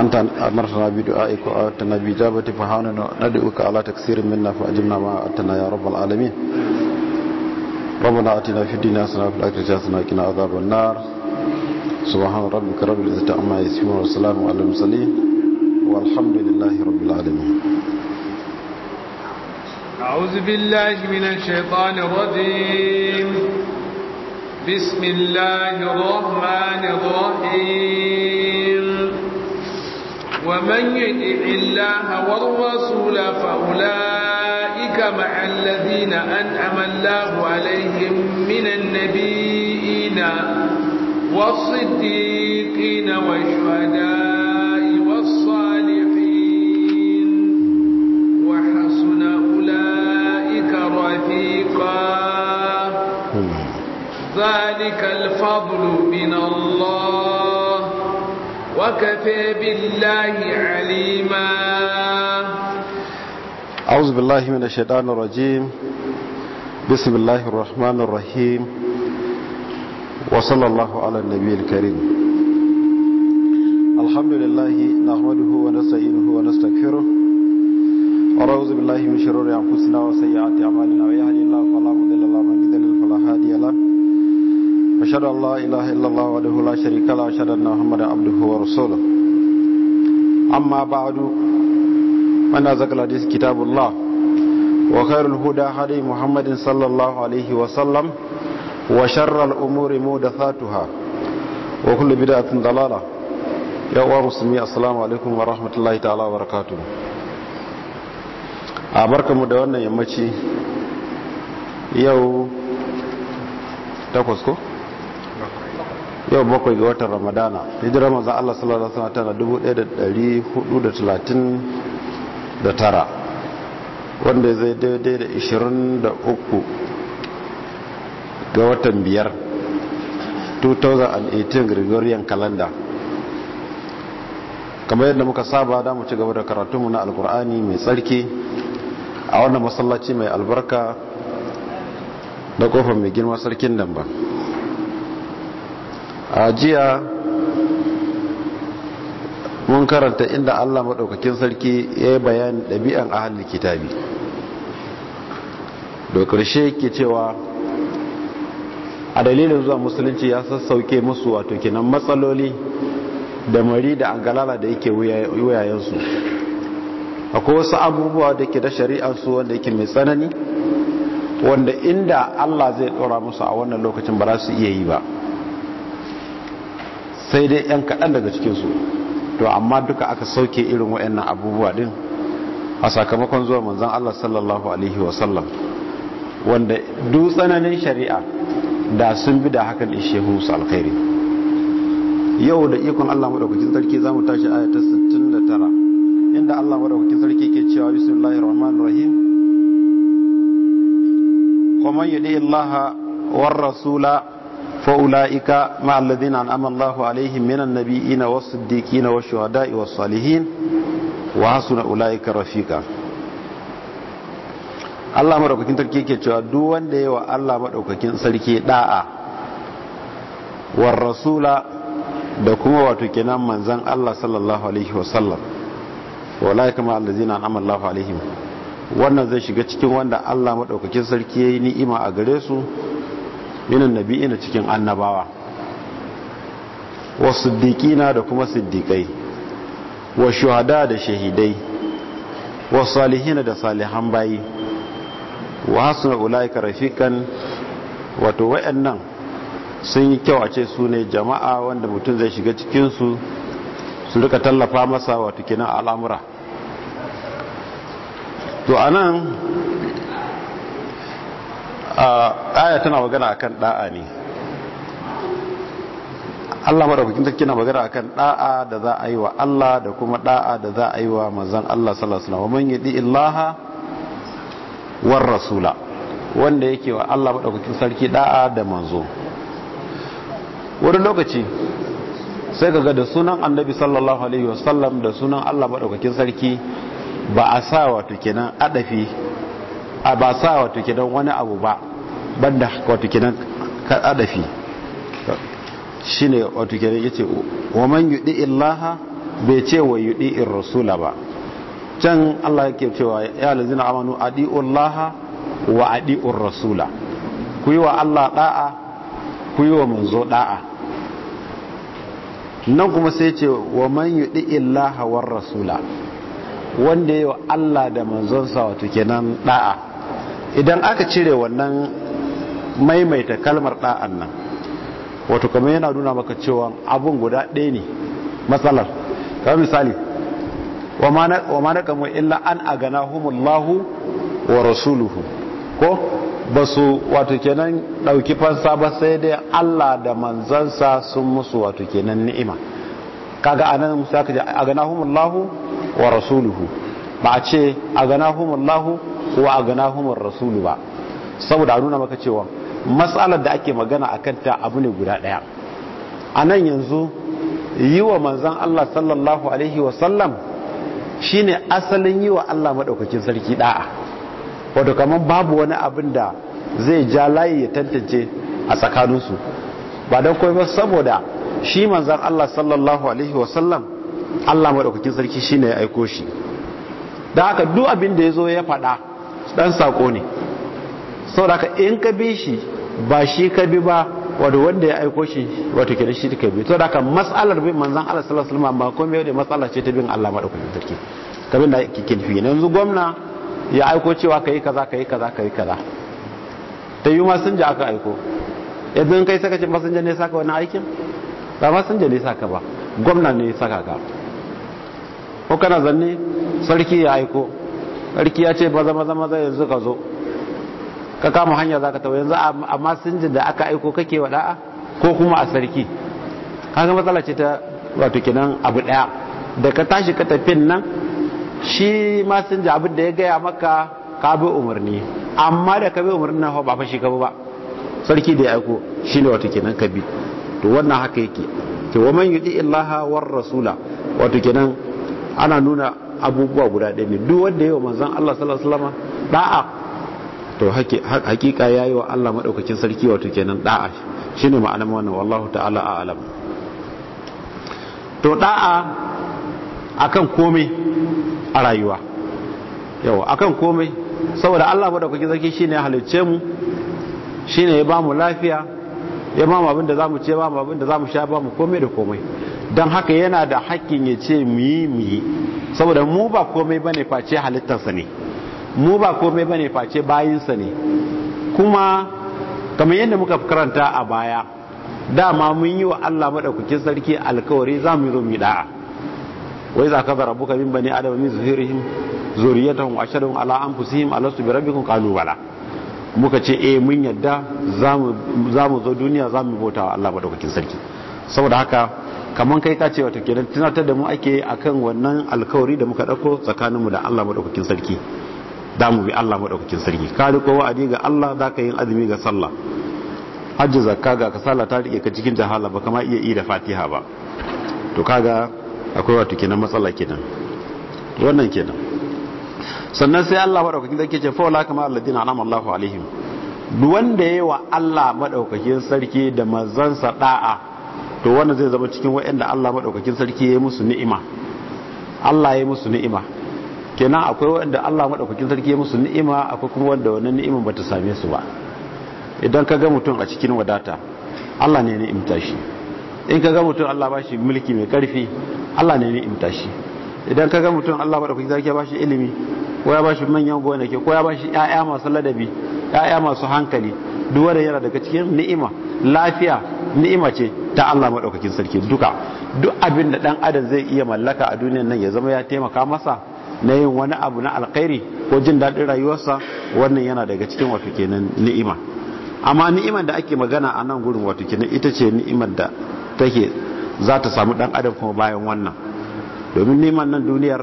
أنت أمرنا بدعائك وأتنا بإجابة فهانا ندعوك على تكسير منا فأجبنا ما أتنا يا رب العالمين ربنا أتنا في الدنيا سنة في الأكل جاسنا كنا عذاب النار سبحان ربك رب العزة أما يسفون والسلام على المرسلين والحمد لله رب العالمين أعوذ بالله من الشيطان الرجيم بسم الله الرحمن الرحيم ومن يطع الله والرسول فأولئك مع الذين أنعم الله عليهم من النبيين والصديقين والشهداء والصالحين وحسن أولئك رفيقا ذلك الفضل من الله وكفى بالله عليما أعوذ بالله من الشيطان الرجيم بسم الله الرحمن الرحيم وصلى الله على النبي الكريم الحمد لله نحمده ونستعينه ونستغفره ونعوذ بالله من شرور أنفسنا وسيئات أعمالنا ويهدينا واشهد ان لا اله الا الله وحده لا شريك له واشهد ان محمدا عبده ورسوله اما بعد فان ذكر الحديث كتاب الله وخير الهدى هدي محمد صلى الله عليه وسلم وشر الامور محدثاتها وكل بدعه ضلاله يا ورسمي السلام عليكم ورحمه الله تعالى وبركاته a barkamu da wannan yammaci yau takwas ko? yau bakwai ga watan ramadana hijira manzan allah sallallahu alaihi tana 1439 wanda zai daidai da 23 ga watan biyar 2018 gregorian calendar kamar yadda muka saba da mu ci gaba da karatunmu na alkur'ani mai tsarki a wannan masallaci mai albarka da kofar mai girma sarkin damba a jiya mun karanta inda allah maɗaukakin sarki ya yi bayan ɗabi'an ahalin kitabi da ƙarshe ke cewa a dalilin zuwa musulunci ya sassauke musu wato kinan matsaloli da mari da angalala da yake wuyayensu akwai wasu abubuwa da ke da shari'arsu wanda yake mai tsanani wanda inda allah zai ɗora musu a wannan lokacin ba za su iya yi ba sai dai yan kaɗan daga cikinsu to amma duka aka sauke irin waɗannan abubuwa ɗin a sakamakon zuwa manzan Allah sallallahu alaihi wasallam wanda duk tsananin shari'a da sun bi da hakan ishe musu alkhairi yau da ikon Allah maɗaukakin sarki za mu tashi aya ta 69 inda Allah maɗaukakin sarki ke cewa bismillahir rahmanir rahim ومن Allah الله rasula فأولئك مع الذين أنعم الله عليهم من النبيين والصديقين والشهداء والصالحين وحسن أولئك رفيقا Allah madaukakin sarki ke cewa duk wanda yayi wa Allah madaukakin sarki da'a war rasula da kuma wato kenan manzon Allah sallallahu alaihi wasallam wallahi kama allazina an'ama Allahu alaihim wannan zai shiga cikin wanda Allah madaukakin sarki yayi ni'ima a gare su minan nabi'ina cikin annabawa wa siddiqina da kuma siddiqai wa shuhada da shahidai wa salihina da salihan bayi wa hasuna ulaika rafiqan wato wayannan sun yi kyau a ce su ne jama'a wanda mutum zai shiga cikinsu su rika tallafa masa wato kenan al'amura to anan aya tana magana akan da'a ne Allah madaukakin sarki na magana akan da'a da za a yi wa Allah da kuma da'a da za a yi wa manzon Allah sallallahu alaihi wasallam man yadi illaha war rasula wanda yake wa Allah madaukakin sarki da'a da manzo wani lokaci sai kaga da sunan annabi sallallahu alaihi wasallam da sunan Allah madaukakin sarki ba a sa wato kenan adafi a ba sa wato kenan wani abu ba banda wato kenan kadafi shine wato kenan yace wa man yudi illaha bai ce wa yudi rasula ba can Allah yake cewa ya lazina amanu adi'u wa adi'u rasula ku yi wa Allah da'a ku yi wa manzo da'a nan kuma sai ce wa man yudi illaha war rasula wanda yi wa Allah da sa wato kenan da'a idan aka cire wannan maimaita kalmar da'an nan wato kamar yana nuna maka cewa abun guda ɗaya ne matsalar kamar misali wa ma na kamar illa an a agana humullahu wa rasuluhu ko ba su wato kenan ɗauki fansa ba sai dai allah da manzansa sun musu wato kenan ni'ima kaga a anan sai ka ji agana humullahu wa rasuluhu ba a ce a agana humullahu wa gana humun rasulu ba saboda a nuna maka cewa matsalar da ake magana a kanta abu ne guda ɗaya a nan yanzu yi wa manzan Allah sallallahu Alaihi wasallam shi ne asalin yi wa Allah maɗaukacin sarki ɗa'a wato kamar babu wani abin da zai ja layi ya tantance a tsakaninsu ba don kawai ba saboda shi manzan Allah sallallahu Alaihi wasallam Allah maɗaukacin sarki shi ne ya aiko shi da haka duk abin da ya zo ya faɗa ɗan saƙo ne saboda haka in ka bi shi ba shi ka bi ba wadda wanda ya aiko shi wato kenan shi ka bi to da kan mas'alar bin manzon Allah sallallahu alaihi wasallam ba komai da mas'ala ce ta bin Allah madaukakin sarki kabin da kike nufi yanzu gwamna ya aiko cewa kai kaza kai kaza kai kaza ta yi ma sun aka aiko idan kai saka ce masinja ne saka wani aikin ba masinja ne saka ba gwamna ne saka ka ko kana zanne sarki ya aiko sarki ya ce ba zama zama zai yanzu ka zo ka kama hanya za ka tawo yanzu a masinjin da aka aiko kake wa da'a ko kuma a sarki haka matsala ce ta wato kinan abu daya da ka tashi ka tafin nan shi masinja abin da ya gaya maka ka bi umarni amma da ka bi umarni na ba fa ka ba sarki da ya aiko ne wato kinan ka bi to wannan haka yake to wa man yudi illaha war rasula wato kinan ana nuna abubuwa guda ɗaya ne duk wanda wa manzan Allah sallallahu alaihi wasallam da'a to hakika yayi wa Allah madaukakin sarki wato kenan da'a shine ma'anar wannan wallahu ta'ala a'lam to da'a akan komai a rayuwa yawa akan komai saboda Allah madaukakin sarki shine ya halicce mu shine ya bamu lafiya ya bamu abin da zamu ce bamu abin da zamu sha bamu komai da komai don haka yana da hakkin ya ce mu yi mu yi saboda mu ba komai bane face halittarsa ne mu ba komai bane face bayinsa ne kuma kamar yadda muka karanta a baya dama mun yi wa Allah madaukakin sarki alkawari za mu zo mu da'a wai za ka zara buka min bani adam min zuhirihim zuriyatahum wa ala anfusihim alastu bi rabbikum qalu bala muka ce eh mun yadda za mu zo duniya za mu bauta wa Allah madaukakin sarki saboda haka kaman kai ka ce wata kenan tunatar da mu ake akan wannan alkawari da muka dauko tsakaninmu da Allah madaukakin sarki da mu bi Allah madaukakin sarki ka riko wa'adi ga Allah za ka yi azumi ga sallah hajji zakka ga sallah ta rike ka cikin jahala ba kama iya yi da fatiha ba to kaga akwai wato kenan matsala kenan wannan kenan sannan sai Allah madaukakin sarki ce fa wala kama alladina anama Allahu alaihim duk wanda yayi wa Allah madaukakin sarki da manzansa da'a to wannan zai zama cikin waɗanda Allah madaukakin sarki ya yi musu ni'ima Allah ya yi musu ni'ima kenan akwai wanda Allah madaukakin sarki ya musu ni'ima akwai kuma wanda wannan ni'iman bata same su ba idan ka ga mutum a cikin wadata Allah ne ni'imta shi in ka ga mutum Allah ba shi mulki mai karfi Allah ne ni'imta shi idan ka ga mutum Allah madaukakin sarki ya ba shi ilimi ko ya ba shi manyan gonaki ko ya ba shi ƴaƴa masu ladabi ƴaƴa masu hankali duk wanda yana daga cikin ni'ima lafiya ni'ima ce ta Allah madaukakin sarki duka duk abin da dan adam zai iya mallaka a duniyar nan ya zama ya taimaka masa na yin wani abu na alkhairi ko jin daɗin rayuwarsa wannan yana daga cikin wato kenan ni'ima amma ni'imar da ake magana a nan gurin wato kenan ita ce ni'imar da take za ta samu ɗan adam kuma bayan wannan domin ni'imar nan duniyar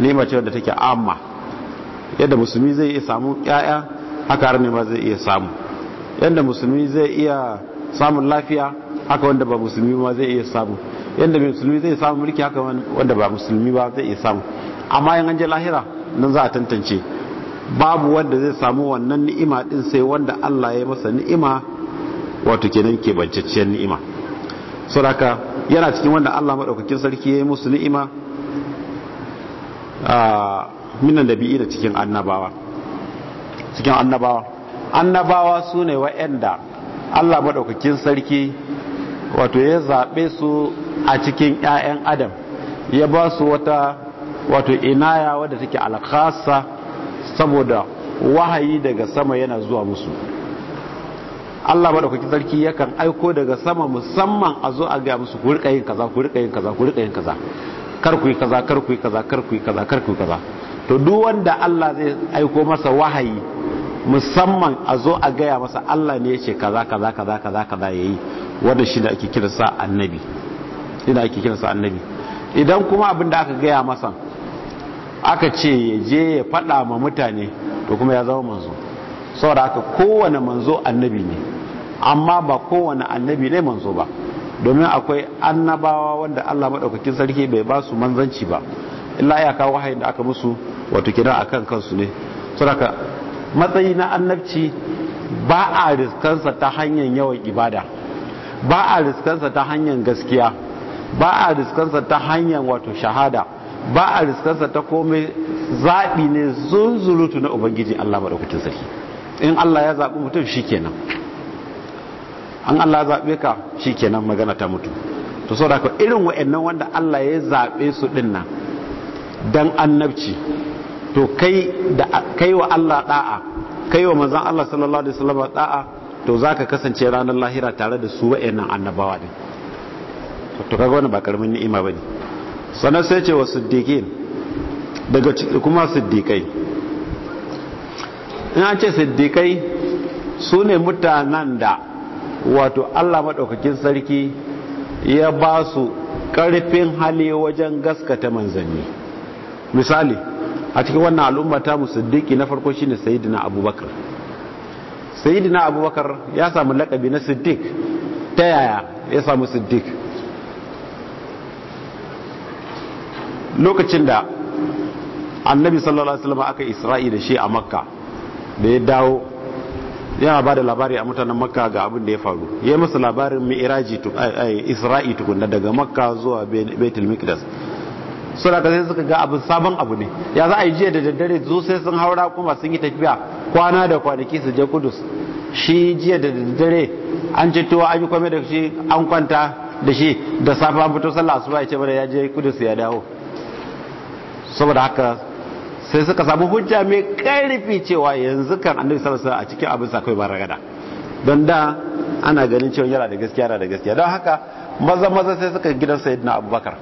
ni'ima ce wadda take amma yadda musulmi zai iya samu ƴaƴa haka har ne ma zai iya samu yadda musulmi zai iya samun lafiya haka wanda ba musulmi ma zai iya samu yadda musulmi zai samu mulki haka wanda ba musulmi ba zai iya samu amma yin an je lahira nan za a tantance babu wanda zai samu wannan ni'ima din sai wanda Allah ya masa ni'ima wato kenan ke bancacciyar ni'ima saboda yana cikin wanda Allah madaukakin sarki ya yi musu ni'ima a minan da bi'i da cikin annabawa cikin annabawa annabawa su ne wa'anda Allah madaukakin sarki wato ya zaɓe su a cikin 'ya'yan adam ya ba su wata wato inaya wadda take alkhasa saboda wahayi daga sama yana zuwa musu Allah madaukakin sarki yakan aiko daga sama musamman a zo a ga musu ku rika yin kaza ku rika yin kaza ku rika yin kaza kar ku yi kaza kar ku yi kaza kar ku yi kaza kar ku yi kaza to duk wanda Allah zai aiko masa wahayi musamman a zo a gaya masa Allah ne ya ce kaza kaza kaza kaza kaza yayi wanda shi da ake sa annabi shi da ake sa annabi idan kuma abin da aka gaya masa aka ce ya je ya faɗa ma mutane to kuma ya zama manzo saboda aka kowane manzo annabi ne amma ba kowane annabi ne manzo ba domin akwai annabawa wanda Allah madaukakin sarki bai ba su manzanci ba illa ya kawo wahayin da aka musu wato kidan akan kansu ne saboda matsayi na annabci ba a riskansa ta hanyar yawan ibada ba a riskansa ta hanyar gaskiya ba a riskansa ta hanyar wato shahada ba a riskarsa ta komai zaɓi ne zunzurutu na ubangiji Allah maɗaukakin sarki in Allah ya zaɓi mutum shi kenan an Allah ya zaɓe ka shi kenan magana ta mutu to sau da ka irin wa'annan wanda Allah ya zaɓe su ɗin nan don annabci to kai wa Allah ɗa'a kai wa manzan Allah sallallahu alaihi wasallam ɗa'a to za ka kasance ranar lahira tare da su wa'annan annabawa ɗin to kaga wani ba karamin ni'ima ba ne sannan sai ce wa siddiƙi daga kuma Siddiƙai in ce Siddiƙai su ne mutanen da wato Allah maɗaukakin sarki ya ba su ƙarfin hali wajen gaskata manzanni misali a cikin wannan al'umma ta musiddiƙi na farko shine Sayidina abubakar Sayidina abubakar ya samu laƙabi na Siddiƙ ta yaya ya samu Siddiƙ. lokacin da annabi sallallahu alaihi wasallam aka isra'i da shi a makka da ya dawo yana ba da labari a mutanen makka ga abin da ya faru ya yi masa labarin mi'iraji isra'i tukunda daga makka zuwa betul mikdas suna ka sai suka ga abin sabon abu ne ya za a yi jiya da daddare zo sai sun haura kuma sun yi tafiya kwana da kwanaki su je kudus shi jiya da daddare an ce tuwa an yi kwame da shi an kwanta da shi da safe an fito sallah asuba ya ce mana ya je kudus ya dawo saboda haka sai suka samu hujja mai karfi cewa yanzu kan annabi sallallahu alaihi a cikin abin sa kai ba ragada don da ana ganin cewa yana da gaskiya yana da gaskiya don haka maza maza sai suka gidan sayyidina abubakar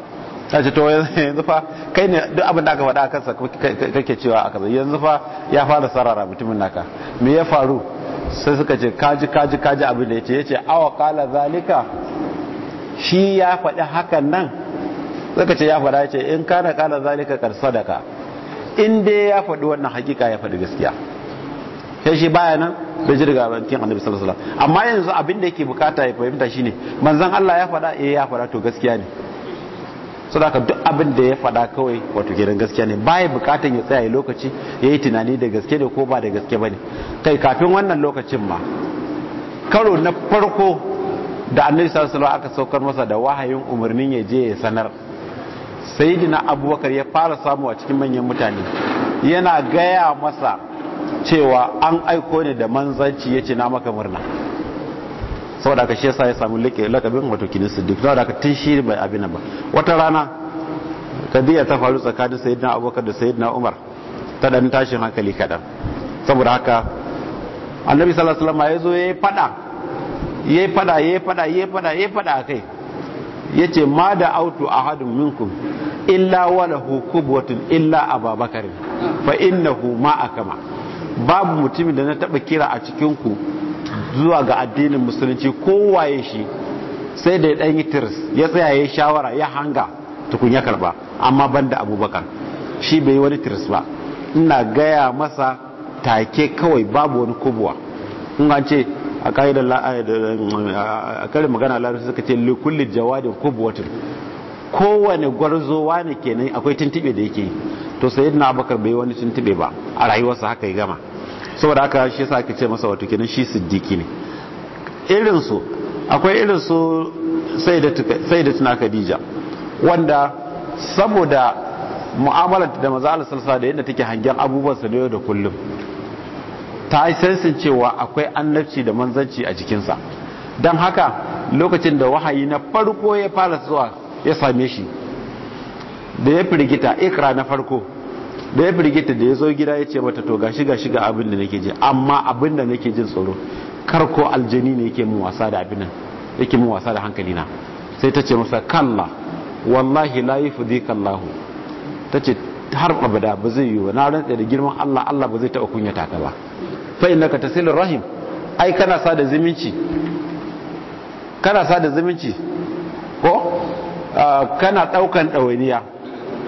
ta ce to yanzu fa kai ne duk abin da aka faɗa akan sa kake cewa aka zai yanzu fa ya fara sarara mutumin naka me ya faru sai suka ce kaji kaji kaji abin da yace ce awa kala zalika shi ya faɗi hakan nan suka ce ya faɗa ce in kana kala zalika kar sadaka in dai ya faɗi wannan hakika ya faɗi gaskiya sai shi baya nan bai ji daga bankin annabi sallallahu alaihi wasallam amma yanzu abin da yake bukata ya fahimta shine manzon Allah ya faɗa eh ya faɗa to gaskiya ne saboda duk abin da ya fada kawai wato gidan gaskiya ne baya bukatan ya tsaya lokaci ya yi tunani da gaske da ko ba da gaske bane kai kafin wannan lokacin ma karo na farko da annabi sallallahu alaihi wasallam aka saukar masa da wahayin umarnin ya je ya sanar sayidina abubakar ya fara samu a cikin manyan mutane yana gaya masa cewa an aiko ne da manzanci ya ce na maka murna saboda ka shi yasa ya samu lakabin wato kinin siddiq saboda ka tun shi bai abin ba wata rana kadiya ta faru tsakanin sayyidina abubakar da sayyidina umar ta dan tashin hankali kadan saboda haka annabi sallallahu alaihi wasallam ya zo yayi fada yi fada yi fada yi fada yayi fada kai. Ya ce ma da autu haɗin minkum illa wala kubwatun illa a babakar fa innahu ma a kama babu mutumin da na taɓa kira a cikinku. zuwa ga addinin musulunci kowaye shi sai da ya ɗan yi tirs ya tsaya ya shawara ya hanga tukun ya karba amma ban da abubakar shi bai wani tirs ba ina gaya masa take kawai babu wani kubuwa in ce a ƙa'idar a karin magana larabci suka ce likulli jawadin kubuwatin kowane gwarzowa ne kenan akwai tuntube da yake to sai na abakar bai wani tuntube ba a rayuwarsa haka ya gama saboda aka shi yasa ake ce masa wato kenan shi siddiki ne irinsu akwai irinsu sai da tuna khadija wanda saboda mu'amalar da maza Allah da yadda take hangen abubuwan sa da yau da kullum ta yi sansan cewa akwai annabci da manzanci a jikinsa don haka lokacin da wahayi na farko ya fara zuwa ya same shi da ya firgita ikra na farko da ya firgita da ya zo gida ya ce mata to gashi gashi ga abin da nake ji amma abin da nake jin tsoro kar ko aljani ne yake min wasa da abin nan yake min wasa da hankali na sai ta ce masa kalla wallahi la yufdika Allah ta ce har abada ba zai yi wa na rantsa da girman Allah Allah ba zai taɓa kunyata ka ba fa innaka tasilur rahim ai kana sa da zumunci kana sa da zumunci ko ah, kana daukan dawaniya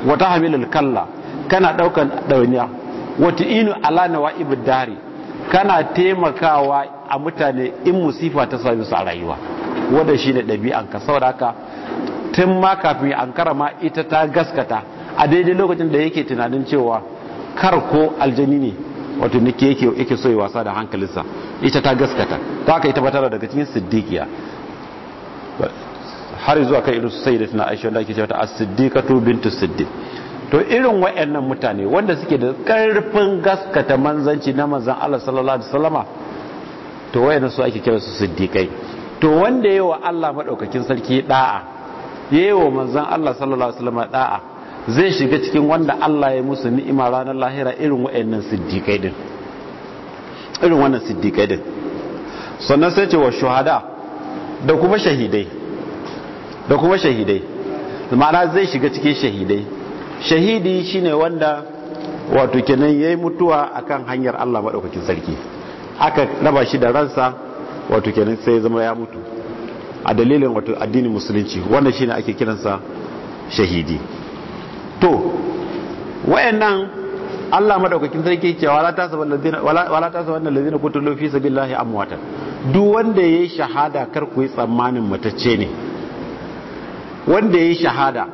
wata hamilul kalla kana daukan dawaniya wata inu ala nawaib dari kana taimakawa a mutane in musifa ta sami su a rayuwa wanda shine ka saboda haka tun ma kafin an karama ita ta gaskata a daidai lokacin da yake tunanin cewa kar ko aljani ne wato nake yake yake so ya wasa da hankalinsa ita ta gaskata ta aka ita batara daga cikin siddiqiya har zuwa kai irin sayyidatuna aisha da ake cewa ta as-siddiqatu bintu siddiq to irin wayannan mutane wanda suke da karfin gaskata manzanci na manzan Allah sallallahu alaihi wasallama to wayannan su ake kira su siddiqai to wanda yayi wa Allah madaukakin sarki da'a yayi wa manzan Allah sallallahu alaihi wasallama da'a zai shiga cikin wanda Allah ya musu ni'ima ranar lahira irin wa'annan siddiƙai din irin wannan siddiƙai din sannan sai ce wa shuhada da kuma shahidai da kuma shahidai ma'ana zai shiga cikin shahidai shahidi shine wanda wato kenan yayi mutuwa akan hanyar Allah madaukakin sarki aka raba shi da ransa wato kenan sai ya zama ya mutu a dalilin wato addinin musulunci wannan shine ake kiransa shahidi to wayannan Allah madaukakin sarki ce wala ta saba ladina wala ta saban ladina kutulu fi sabilillahi amwatan duk wanda yayi shahada kar ku yi tsammanin matacce ne wanda yayi shahada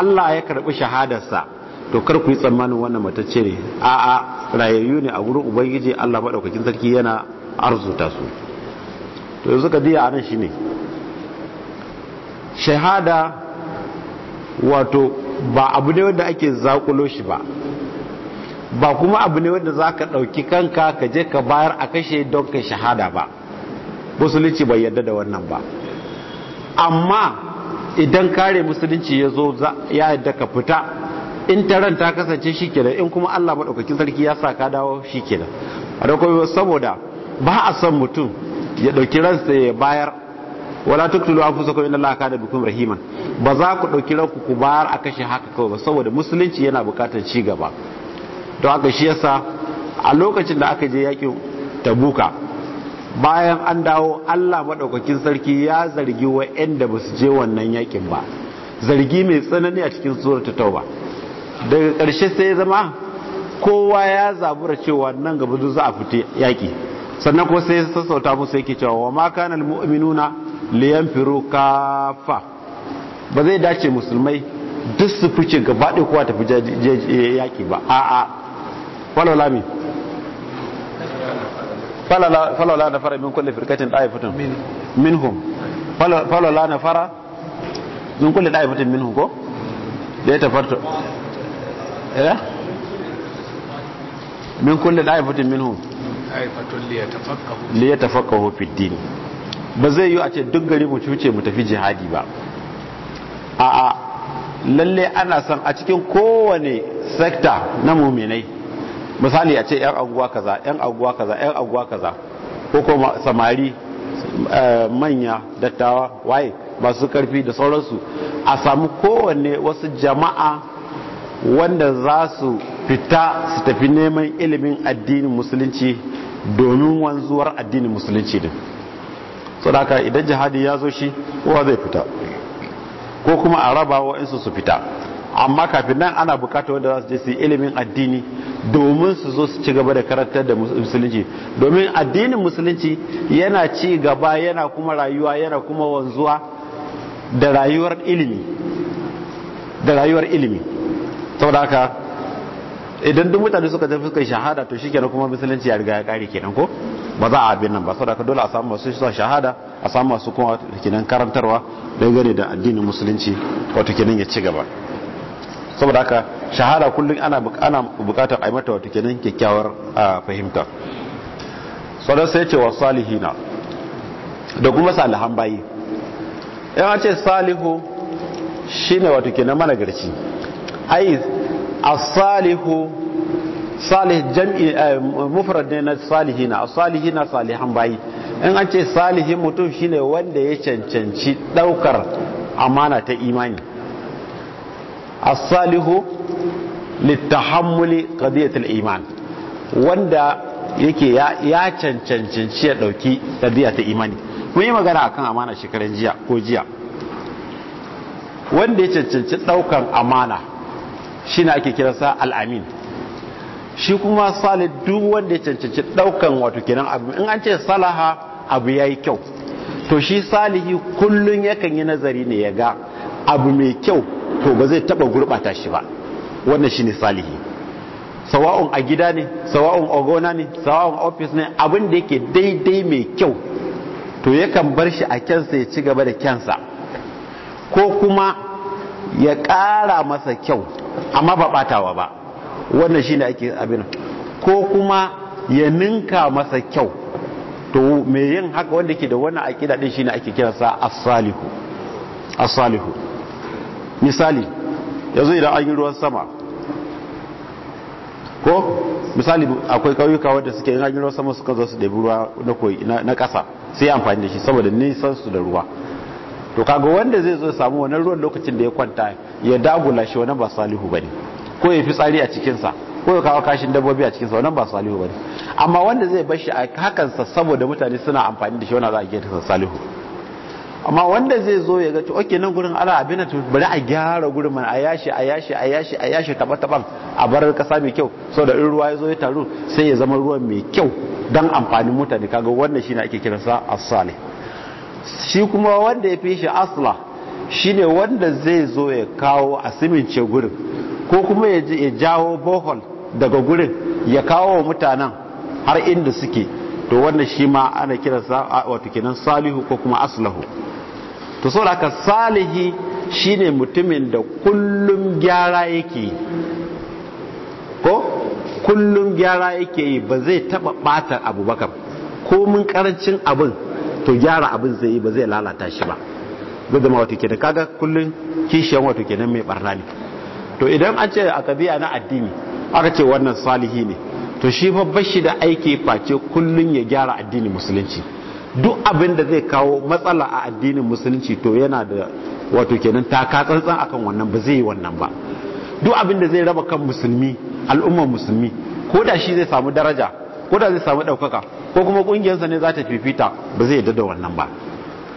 Allah ya karbi shahadarsa to kar ku yi tsammanin wannan matacce ne a a rayayyu ne a gurin ubangiji Allah madaukakin sarki yana arzuta su to yanzu ka diya anan shine shahada wato ba abu ne wanda ake zakulo shi ba ba kuma abu ne wanda za ka ɗauki kanka ka je ka bayar a kashe don ka shahada ba musulunci bai yarda da wannan ba amma idan kare musulunci ya zo ya yadda ka fita in taron ta kasance shi kenan in kuma allah maɗaukakin sarki ya sa ka dawo shi kenan a saboda ba a son mutum ya ɗauki ransa ya bayar wala tuktulu anfusakum inna allaha kana bikum rahiman ba za ku dauki ranku ku bayar a kashe haka kawai ba saboda musulunci yana bukatar ci gaba to haka shi yasa a lokacin da aka je yakin tabuka bayan an dawo Allah madaukakin sarki ya zargi wa'anda ba su je wannan yakin ba zargi mai tsanani a cikin suratul tauba daga ƙarshe sai ya zama kowa ya zabura cewa nan gaba za a fita yaki sannan ko sai sassauta musu yake cewa wa ma kana almu'minuna liyan firo kafa ba zai dace musulmai duk su fice gaba ɗaya kuwa tafi yaki ba a falola mi falola na fara min kulle firkatin ɗaifatun minhum falola na fara min kulle ɗaifatun minhum ko da ya tafarta ya eh? min kulle ɗaifatun minhum liya tafakka في الدين ba zai yi a ce duk gari mu cuce mu tafi jihadi ba a'a lalle ana san a cikin kowane sekta na muminai misali a ce yan aguwa kaza yan aguwa kaza yan aguwa kaza ko kuma samari eh, manya dattawa waye masu karfi da sauransu a samu kowane wasu jama'a wanda za su fita su tafi neman ilimin addinin musulunci domin wanzuwar addinin musulunci din sadaka idan jihadi ya zo shi kowa zai fita ko kuma a raba wa'insu su fita amma kafin nan ana bukata wanda za su je su yi ilimin addini domin su zo su ci gaba da karatar da musulunci domin addinin musulunci yana ci gaba yana kuma rayuwa yana kuma wanzuwa da rayuwar ilimi da rayuwar ilimi saboda haka idan duk mutane suka tafi suka shahada to shikenan kuma musulunci ya riga ya kare kenan ko ba za a abin nan ba saboda dole a samu masu sa shahada a samu masu kuma kinan karantarwa gani da addinin musulunci wato kinan ya ci gaba saboda haka shahada kullum ana bukatar aimata mata wato kinan kyakkyawar fahimta saboda sai ce wa salihina da kuma salihan bayi yana ce salihu shine wato kinan managarci ai as-salihu salih jam'i eh, mufrad ne na salihina salihina salihan bayi in an ce salihin mutum shine wanda ya cancanci daukar amana ta imani as-salihu litahammuli qadiyatul iman wanda yake ya cancanci ya dauki qadiya ta imani mun yi magana akan amana shekaran jiya ko jiya wanda ya cancanci ɗaukar amana shine ake kiransa al-amin shi kuma salih duk wanda ya cancanci daukan wato kenan abu in an ce salaha abu yayi kyau to shi salihi kullun yakan yi nazari ne ya ga abu mai kyau to ba zai taba gurbata shi ba wannan shine salihi sawa'un a gida ne sawa'un a gona ne sawa'un a office ne abin da yake daidai mai kyau to yakan bar shi a kyansa ya ci gaba da kyansa ko kuma ya ƙara masa kyau amma ba ɓatawa ba wannan shine ake abin ko kuma ya ninka masa kyau to me yin haka wanda ke da wannan aqida din shine ake kiransa as-salihu as-salihu misali yanzu idan an yi ruwan sama ko misali akwai kauyuka wadda suke yin hanyar sama suka zo su ɗabi ruwa na koyi na ƙasa sai amfani da shi saboda nisan su da ruwa to kaga wanda zai zo samu wannan ruwan lokacin da ya kwanta ya dagula shi wannan ba salihu bane ko ya fi tsari a cikinsa ko ya kawo kashin dabbobi a cikinsa wannan ba salihu bane amma wanda zai bar shi a hakan sa saboda mutane suna amfani da shi wannan za a kira sa salihu amma wanda zai zo ya ga to okay nan gurin ala abin to bari a gyara gurin man a yashi a yashi a yashi a yashi taba taba a bar kasa mai kyau saboda in ruwa ya zo ya taru sai ya zama ruwan mai kyau dan amfanin mutane kaga wannan shine ake sa as-salih shi kuma wanda ya fi shi asla shine wanda zai zo ya kawo a simince gurin ko kuma ya jawo bohol daga gurin ya kawo wa mutanen har inda suke to wannan shi ma ana kiransa wato kenan salihu ko kuma aslahu to saboda haka salihi shine mutumin da kullum gyara yake ko kullum gyara yake yi ba zai taba bata abu baka, ko mun karancin abin to gyara abin zai yi ba zai lalata shi ba zai zama wato kenan kaga kullum kishiyan wato kenan mai barna ne to idan an ce a kabiya na addini aka ce wannan salihi ne to shi fa bashi da aiki face kullun ya gyara addinin musulunci duk abin da zai kawo matsala a addinin musulunci to yana da wato kenan taka tsantsan akan wannan ba zai yi wannan ba duk abin da zai raba kan musulmi al'ummar musulmi ko da shi zai samu daraja ko da zai samu ɗaukaka ko kuma ƙungiyarsa ne za ta fifita ba zai yadda da wannan ba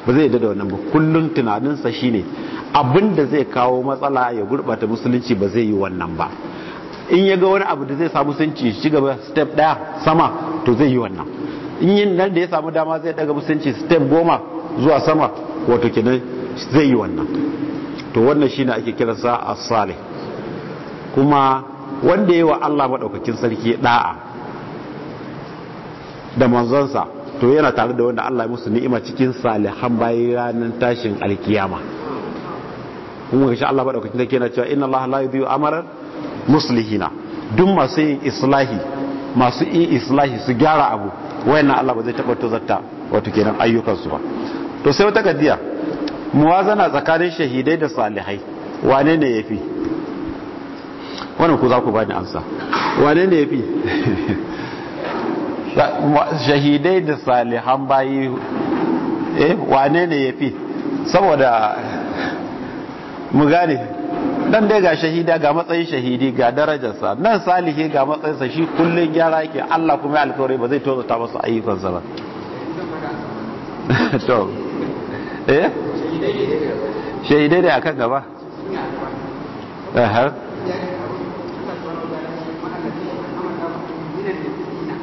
ba zai dada wannan ba kullun tunaninsa shine abin da zai kawo matsala ya gurbata musulunci ba zai yi wannan ba in ya ga wani abu da zai samu musulunci shi gaba step daya sama to zai yi wannan in yin nan da ya samu dama zai daga musulunci step goma zuwa sama wato kenan zai yi wannan to wannan shine ake kiransa a salih kuma wanda yayi wa Allah madaukakin sarki da'a da manzonsa to yana tare da wanda Allah ya musu ni'ima cikin salihan bayi ranar tashin alkiyama kuma ga Allah ba daukacin take yana cewa inna Allah la yudhi'u amara muslihina duk masu yin islahi masu yin islahi su gyara abu wayannan Allah ba zai taba tozarta wato kenan ayyukan su ba to sai wata gaddiya muwazana tsakanin shahidai da salihai wane ne yafi wannan ku za ku bani amsa wane ne yafi shahidai da salihan bayi eh wane ne yafi saboda mu gane dan dai ga shahida ga matsayin shahidi ga darajarsa nan salihi ga matsayinsa shi kullun gyara yake Allah kuma ya alkawari ba zai tozata masa ayyukansa ba to eh shahidai da akan gaba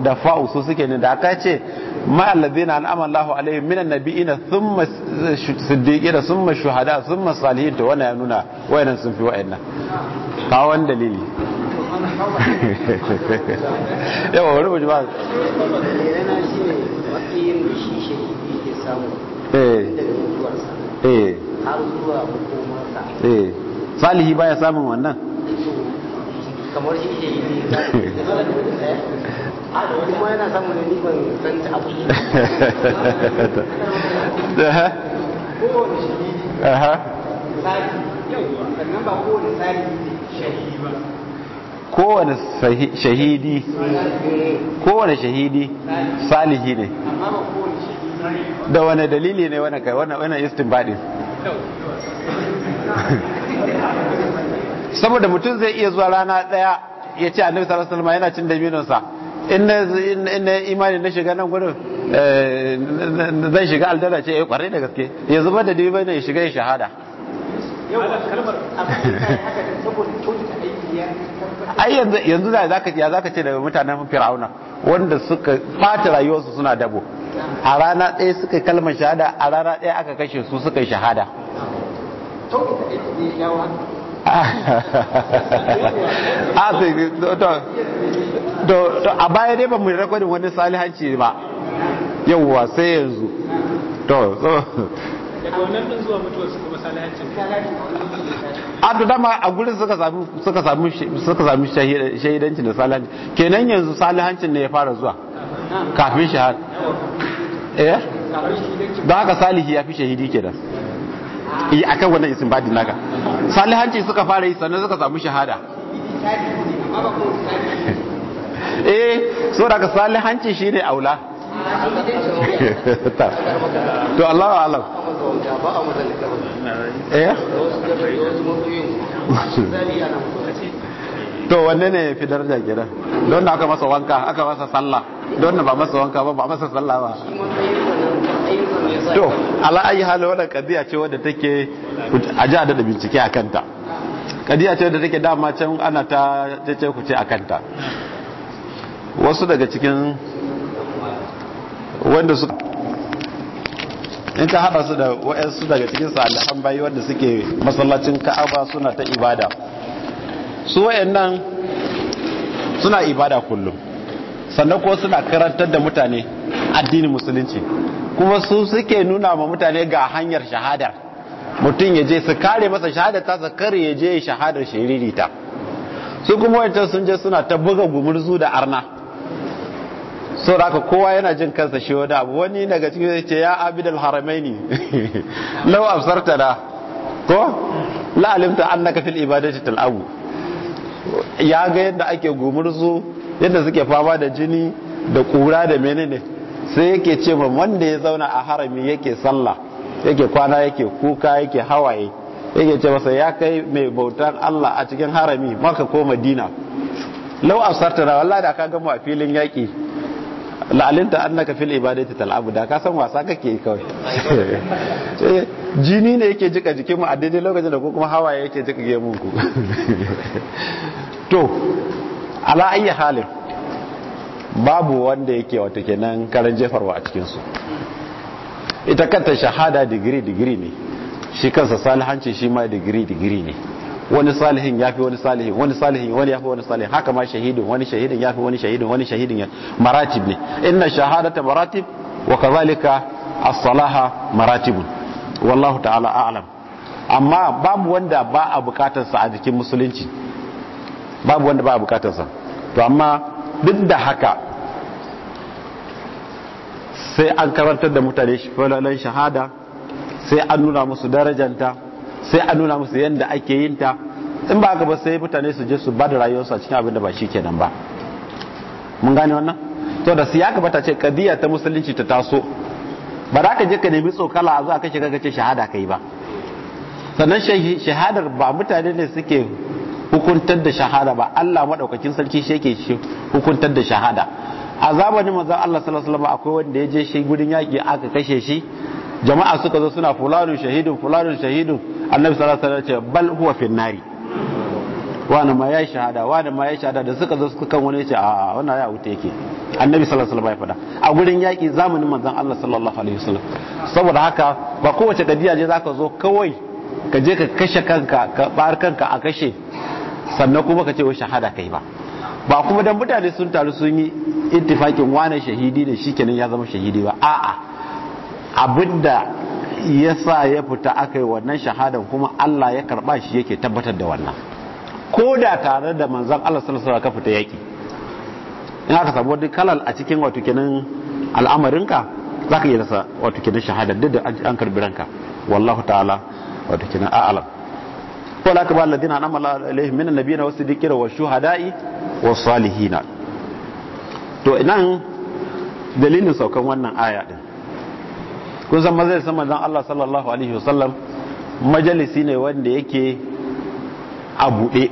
da fa'u su suke ne da aka ce ma'allabi na an'aman lahu alaihi minan nabi'i na thumma siddiqi da thumma shuhada thumma salihin to wannan ya nuna wayannan sun fi wayannan kawon dalili yawa wani buji ba eh. Eh. Eh. salihi baya samun wannan kamar shi ke yi ah, ne kuma yana samun san ta abu da kowane shahidi tsari sannan ba kowane tsari shahidi ba kowane shahidi kowane shahidi salihi ne da wane dalili ne wane kai wane saboda mutum zai iya zuwa rana daya ya ce annabi sallallahu alaihi yana cin dabinon sa in na imani na shiga nan gudun eh, zan shiga aldara ce ya eh, kware da gaske ya zuba da dubi ne ya shiga ya shahada ai yanzu za zaka ya zaka ce da mutanen fir'auna wanda suka bata rayuwarsu suna dabo a rana ɗaya suka kalmar shahada a rana ɗaya aka kashe su suka yi shahada Ah, ah, a baya dai ba mu kwanin wani salihanci ba yauwa sai yanzu to da ah, dama a gurin suka sami shahidanci da salihanci kenan yanzu salihancin ne ya fara zuwa kafin shahar eh haka salihi ya fi shahidi kenan eh akan wannan istinbadin naka salihanci suka fara yi sannan suka samu shahada eh so daga salihanci shine aula to Allah wa alam eh to wanne ne fi daraja gida? don da aka masa wanka aka masa sallah don da ba masa wanka ba ba masa sallah ba to ala ayi hali wadda kadiya ce wadda take a ji da bincike a kanta kadiya ce wadda take dama can ana ta cece ku ce a kanta wasu daga cikin wanda su in ka haɗa su da wa'ansu daga cikin salihan bayi wanda suke masallacin ka'aba suna ta ibada su wa'annan suna ibada kullum sannan ko suna karantar da mutane addinin musulunci kuma su suke nuna ma mutane ga hanyar shahadar mutum ya je su kare masa shahadar ta kare ya je shahadar shiririta su kuma wancan sun je suna ta buga gumurzu da arna so da kowa yana jin kansa shi wani abu wani daga cikin zai ce ya abidal ne lau absarta da ko an alimta annaka fil ibadati abu ya ga yadda ake gumurzu yadda suke fama da jini da kura da menene sai yake ce wanda ya zauna a harami yake sallah yake kwana yake kuka yake hawaye yake ce masa ya kai mai bautan Allah a cikin harami maka ko madina lau absarta na wallahi da ka gama a filin yaƙi la'alinta annaka fil ibadati tal'abu da ka san wasa kake kawai eh, jini ne yake jika jikin mu a daidai lokacin da ko kuma hawaye yake jika gemun ku to ala ayyi halin babu wanda yake wata kenan karan jefarwa a cikinsu ita kanta shahada digiri-digiri ne shi kansa salihanci shi ma digiri-digiri ne wani salihin ya fi wani salihin wani salihin wani ya fi wani salihin haka ma shahidin wani shahidin ya fi wani shahidin wani shahidin ya maratib ne inna ta maratib wa kazalika as-salaha maratibun wallahu ta'ala a'lam amma babu wanda ba a bukatarsa a jikin musulunci babu wanda ba a bukatarsa to amma duk da haka sai an karantar da mutane falalan shahada sai an nuna musu darajanta sai an nuna musu yadda ake yin ta in ba gaba sai mutane su je su ba da rayuwarsu a cikin abin ba shi kenan ba mun gane wannan to da su ya bata ce kadiya ta musulunci ta taso ba za ka je ka nemi tsokala a zuwa kashe ka ce shahada kai ba sannan shahadar ba mutane ne suke hukuntar da shahada ba Allah madaukakin sarki shi yake hukuntar da shahada a zamanin manzon Allah sallallahu alaihi wasallam akwai wanda ya je shi gudun yaki aka kashe shi jama'a suka zo suna fulanu Shahidu fulanu Shahidu. annabi sallallahu alaihi wasallam ce bal huwa fin nari wani ma yi shahada wani ma yi shahada da suka zo suka kan wani ce a wannan ya wuta yake annabi sallallahu alaihi wasallam ya faɗa a gurin yaki zamanin manzon Allah sallallahu alaihi wasallam saboda haka ba kowace gadiya je zaka zo kawai ka je ka kashe kanka ka bar kanka a kashe sannan kuma ka ce wa shahada kai ba ba kuma dan mutane sun taru sun yi ittifakin wane shahidi ne shikenan ya zama shahidi ba a'a abinda ya sa ya fita aka yi wannan shahadan kuma Allah ya karba shi yake tabbatar da wannan ko da tare da manzan Allah sallallahu alaihi ka fita yaki in aka samu wani kalal a cikin wato kenan al'amarinka zaka yi rasa wato kenan shahada duk da an karbi ranka wallahu ta'ala wato kenan a'alam ko la ka ba alladina anama Allah alaihim minan nabiyina wasu dikira wa shuhada'i wa salihina to inan dalilin saukan wannan aya din kun san mazal sama dan Allah sallallahu alaihi wasallam majalisi ne wanda yake a buɗe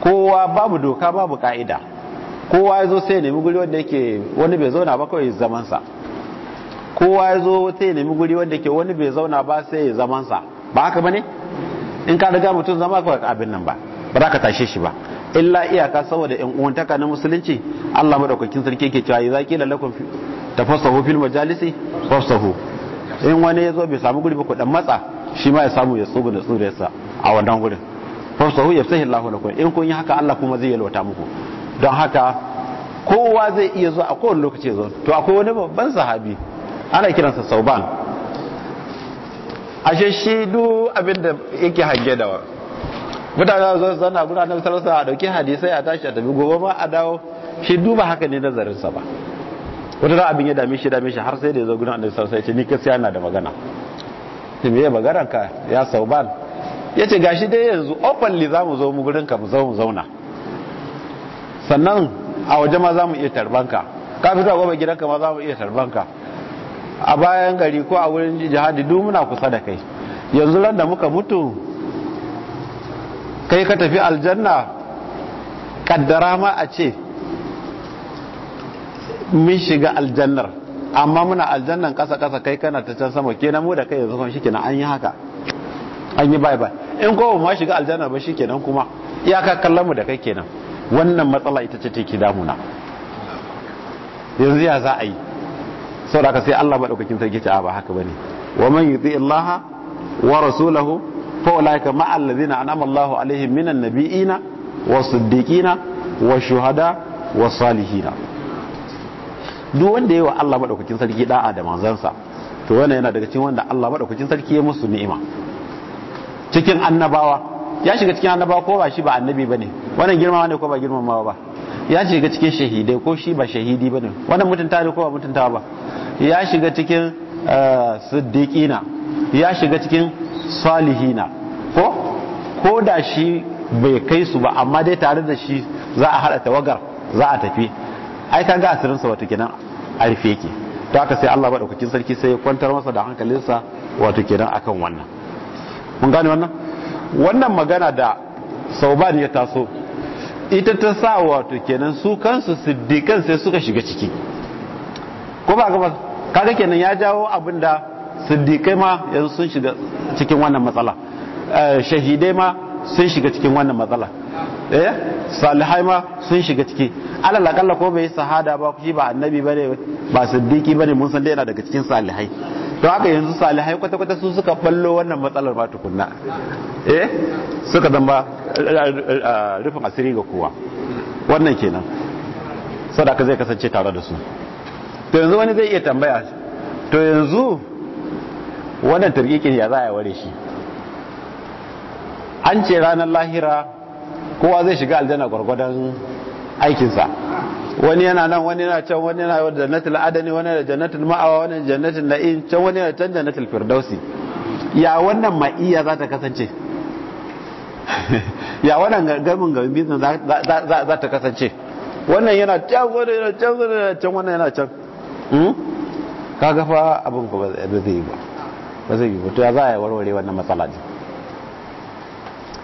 kowa babu doka babu ka'ida kowa ya zo sai nemi guri wanda yake wani bai zauna ba kawai zamansa kowa ya zo sai nemi guri wanda yake wani bai zauna ba sai zamansa ba haka ba ne in ka riga mutum zama ka abin nan ba ba za ka tashe shi ba illa iyaka saboda in uwantaka na musulunci Allah madaukakin sarki yake cewa idza qila lakum tafassahu fil majalisi Fasahu in wani yazo bai samu guri ba ku dan matsa shi ma ya samu ya tsugu da tsuriyarsa a wannan gurin fasahu yafsahi Allahu lakum in kun yi haka Allah kuma zai yalwata muku don haka kowa zai iya zuwa a kowane lokaci zo to akwai wani babban sahabi ana kiransa Sauban ashe shi duk abinda yake hange dawa mutane za su zana gudanar sarasa a dauki hadisai a tashi a tafi gobe ba a dawo shi duba haka ne nazarinsa ba wata za abin ya dame shi dame shi har sai da ya zo gudanar da sarauta ya ce ni gaskiya na da magana ta me magana ka ya sauban ya ce gashi dai yanzu openly za mu zo mu gudun ka mu zo mu zauna sannan a waje ma za mu iya tarbanka ka za a goma gidanka ma za mu iya tarbanka a bayan gari ko a wurin jihadi duk muna kusa da kai yanzu ran da muka mutu kai ka tafi aljanna kaddara ma a ce mun shiga aljannar amma muna aljannan kasa kasa kai kana ta can sama kenan mu da kai yanzu kuma shikenan an yi haka an yi bai bai in ko ma shiga aljanna ba nan kuma ya ka kallon mu da kai kenan wannan matsala ita ce take damuna yanzu ya za a yi saboda sai Allah madaukakin sarki ta ba haka bane wa man yuti Allah wa rasulahu fa ulaika ma alladhina an'ama Allah alaihim minan nabiyina wa siddiqina wa shuhada wa salihina duk wanda yayi wa Allah madaukakin sarki da'a da manzansa to wannan yana daga cikin wanda Allah madaukakin sarki ya musu ni'ima cikin annabawa ya shiga cikin annabawa ko ba shi ba annabi bane wannan girma ne ko ba girmamawa ba ya shiga cikin shahidai ko shi ba shahidi ba ne wannan mutunta ne ko ba mutuntawa ba ya shiga cikin eh, siddiqina ya shiga cikin salihina ko ko da shi bai kai su ba amma dai tare da shi za a hada tawagar za a tafi ai kaga asirin sa wato kenan a rufe yake to haka sai Allah madaukakin sarki sai ya kwantar masa da hankalinsa wato kenan akan wannan mun gane wannan wannan magana da sauban ya taso ita ta sa wato kenan su kansu siddiƙan sai suka shiga ciki ko ba gaba kaga kenan ya jawo abin da siddiƙai ma yanzu sun shiga cikin wannan matsala eh, shahidai ma sun shiga cikin wannan matsala eh salihai ma sun shiga ciki alal akalla ko bai sahada ba shi ba annabi bane ba siddiqi bane mun san dai yana daga cikin salihai to haka yanzu salihai kwata kwata su suka ballo wannan matsalar ba tukunna eh suka zamba eh, eh, eh, rufin asiri ga kowa wannan kenan sadaka zai kasance tare da su to yanzu wani zai iya tambaya to yanzu wannan tarkikin ya za a ware shi an ce ranar lahira kowa zai shiga aljanna gwargwadon aikinsa wani yana nan wani yana can wani yana da jannatul adani wani da jannatul ma'awa wani da jannatul na'im can wani yana can jannatul firdausi ya wannan ma'iya za ta kasance ya wannan garmin ga bizin za ta kasance wannan yana can wani yana can wani yana can wani yana can hmm? ka gafa abin ba zai yi ba ba zai yi ba to ya za a yi warware wannan matsala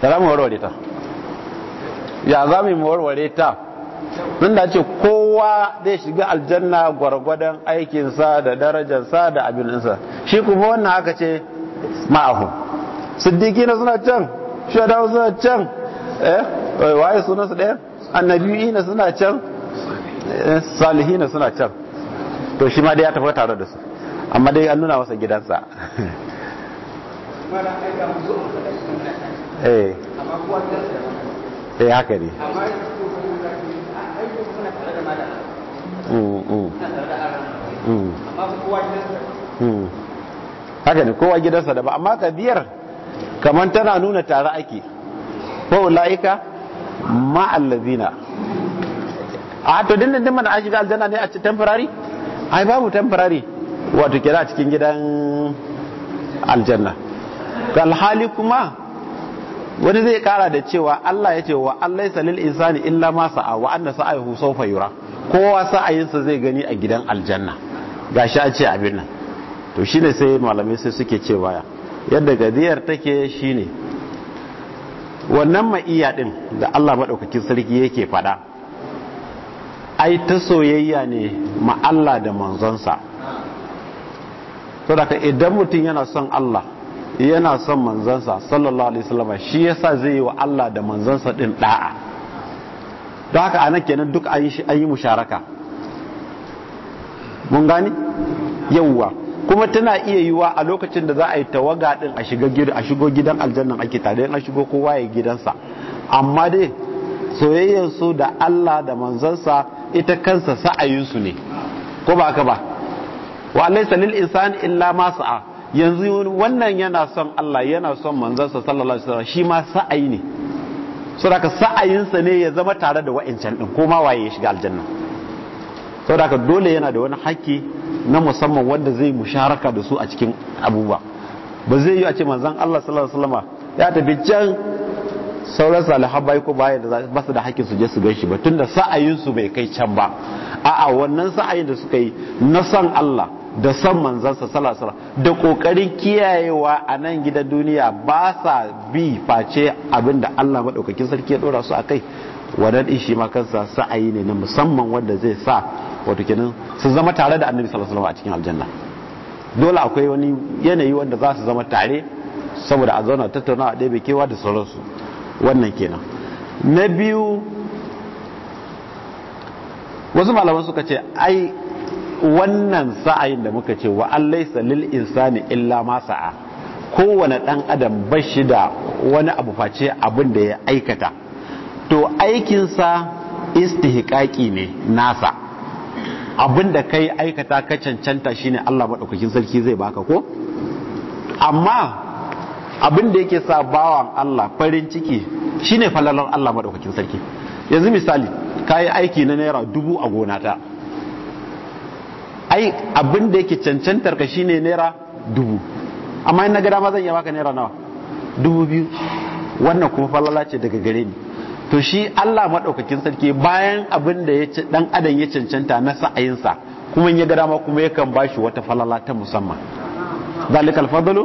da za mu warware ta ya za mu warware ta nan da ce kowa zai shiga aljanna gwargwadon aikinsa da darajarsa da abininsa shi kuma wannan aka ce ma'ahu siddiki na suna can shaidawa suna can eh waye suna su ɗaya annabi'i na suna can eh, salihi na suna can to shi ma dai ya tafi tare da su amma dai an nuna masa gidansa eh eh haka ne mm, mm. Mm. haka ne kowa gidansa da ba amma biyar kamar tana nuna tare ake kowa la'ika ma'allazina a to dindin din an shiga aljanna ne a cikin temporary ai babu temporary wato kira a cikin gidan aljanna to alhali kuma wani zai kara da cewa Allah ya ce wa Allah salil insani illa ma sa'a wa anna sa'ahu sawfa yura kowa sa'ayinsa zai gani a gidan aljanna gashi a ce abin nan to shine sai malamai sai suke cewa yadda gadiyar take shine wannan ma'iya din da Allah madaukakin sarki yake fada ai ta soyayya ne ma Allah da manzonsa to daga idan mutum yana son Allah yana son manzansa sallallahu alaihi wasallam shi yasa zai yi wa Allah da manzansa din da'a don haka anan kenan duk an yi musharaka mun gani yawwa kuma tana iya yiwa a lokacin da za a yi tawaga din a shiga gidan a shigo gidan aljannan ake tare in a shigo kowa ya gidansa amma dai soyayyar su da Allah da manzansa ita kansa sa'ayinsu ne ko ba haka ba wa laysa lil insani illa ma sa'a yanzu wannan yana son Allah yana son manzansa sallallahu alaihi wasallam shi ma sa'ayi ne saboda sa'ayinsa ne ya zama tare da wa'incan din ko ma waye ya shiga aljanna saboda dole yana da wani haƙƙi na musamman wanda zai musharaka da su a cikin abubuwa ba zai yi a ce manzan Allah sallallahu alaihi wasallam ya tafi can sauran salihan bai ko baya da ba su da hakkin su je su gaishe ba tunda sa'ayin su bai kai can ba a'a wannan sa'ayin da suka yi na son Allah da san manzansa salasala da ƙoƙarin kiyayewa a nan gidan duniya ba sa bi face abin da Allah maɗaukakin sarki ya ɗora su a kai wannan ɗin ma kansa sa'ayi ne na musamman wanda zai sa wato kenan su zama tare da annabi salasala a cikin aljanna dole akwai wani yanayi wanda za su zama tare saboda a zauna tattauna a ɗebe kewa da sauransu wannan kenan na biyu wasu malaman suka ce ai wannan sa'ayin da muka ce wa allaisa lil insani illa ma sa'a kowane dan adam bashi da wani abu face abin da ya aikata to aikinsa istihqaqi ne nasa abin da kai aikata ka cancanta shine Allah maɗaukakin sarki zai baka ko amma abin da yake sa bawan Allah farin ciki shine falalar Allah maɗaukakin sarki yanzu misali kayi aiki na naira dubu a gonata ai abin da yake cancantar ka shine naira dubu amma in na ga dama zan iya baka naira nawa dubu biyu wannan kuma falala ce daga gare ni to shi Allah madaukakin sarki bayan abin da ya dan adam ya cancanta na sa kuma in ya ga dama kuma yakan bashi wata falala ta musamman zalikal fadlu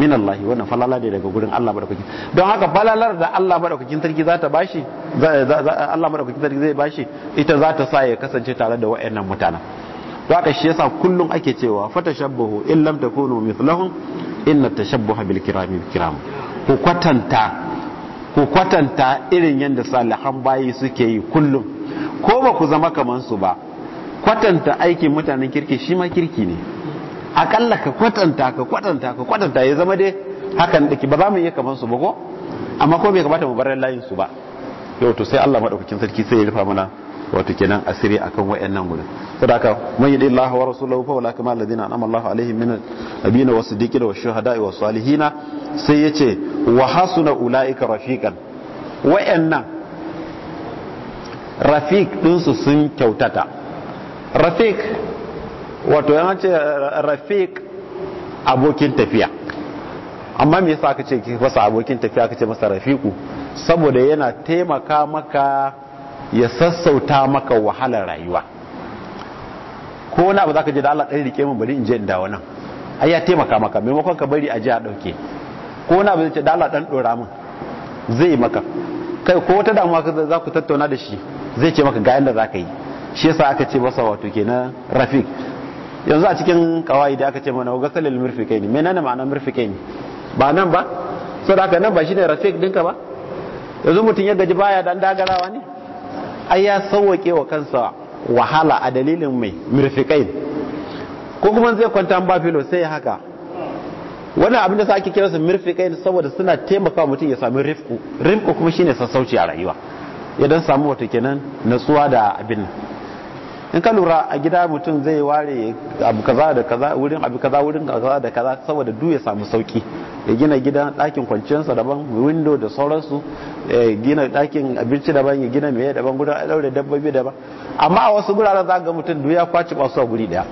min Allah wannan falala ne daga gurin Allah madaukakin don haka falalar da Allah madaukakin sarki za ta bashi Allah madaukakin sarki zai bashi ita za ta sa ya kasance tare da wa'annan mutanen haka shi yasa kullum ake cewa fatashabbahu in lam takunu mithlahum inna tashabbaha bil kirami kiram ku kwatanta ku kwatanta irin yanda salihan bayi suke yi kullum ko ba ku zama kaman su ba kwatanta aikin mutanen kirki shi ma kirki ne akalla ka kwatanta ka kwatanta ka kwatanta ya zama dai hakan dake ba za mu iya kaman su ba ko amma ko bai kamata mu bar layin su ba yau to sai Allah madaukakin sarki sai ya rufa mana wato kenan asiri akan wayannan gurin sadaka man yadi Allah wa rasuluhu fa walaka mal ladina an'ama Allah alaihim min abina was siddiqina was shuhada'i salihina sai yace wa hasuna ulaika rafiqan wayannan rafiq din su sun kyautata rafiq wato yana ce rafiq abokin tafiya amma me yasa aka ce ki fasa abokin tafiya aka ce masa rafiku saboda yana taimaka maka ya sassauta maka wahalar rayuwa ko wani abu ka je da Allah ɗari rike mun bari in je in wannan nan ai ya taimaka maka maimakon ka bari a je a ɗauke ko wani abu zai ce da Allah ɗan ɗora mun zai maka kai ko wata damuwa ka za ku tattauna da shi zai ce maka ga yadda za ka yi shi yasa aka ce masa wato kenan rafiq yanzu a cikin kawai da aka ce mana murfi kai ne menene ma'anar kai ne ba nan ba saboda haka nan ba shine rafiq dinka ba yanzu mutum ya gaji baya dan dagarawa ne ai ya sauwake wa kansa wahala a dalilin mai mirfikai ko kuma zai kwanta ba filo sai haka wannan abin da sake kira su mirfikai saboda suna taimakawa mutum ya samu rifku rifku kuma shine sassauci a rayuwa idan sami samu wata kenan natsuwa da abin in ka lura a gida mutum zai ware abu kaza da kaza wurin abu kaza wurin kaza da kaza saboda duk ya samu sauki ya gina gidan ɗakin kwanciyarsa daban window da sauransu ya gina ɗakin abinci daban ya gina meye daban gudan ɗaure dabbobi daban amma a wasu guraren za ga mutum duk ya kwaci masu a guri daya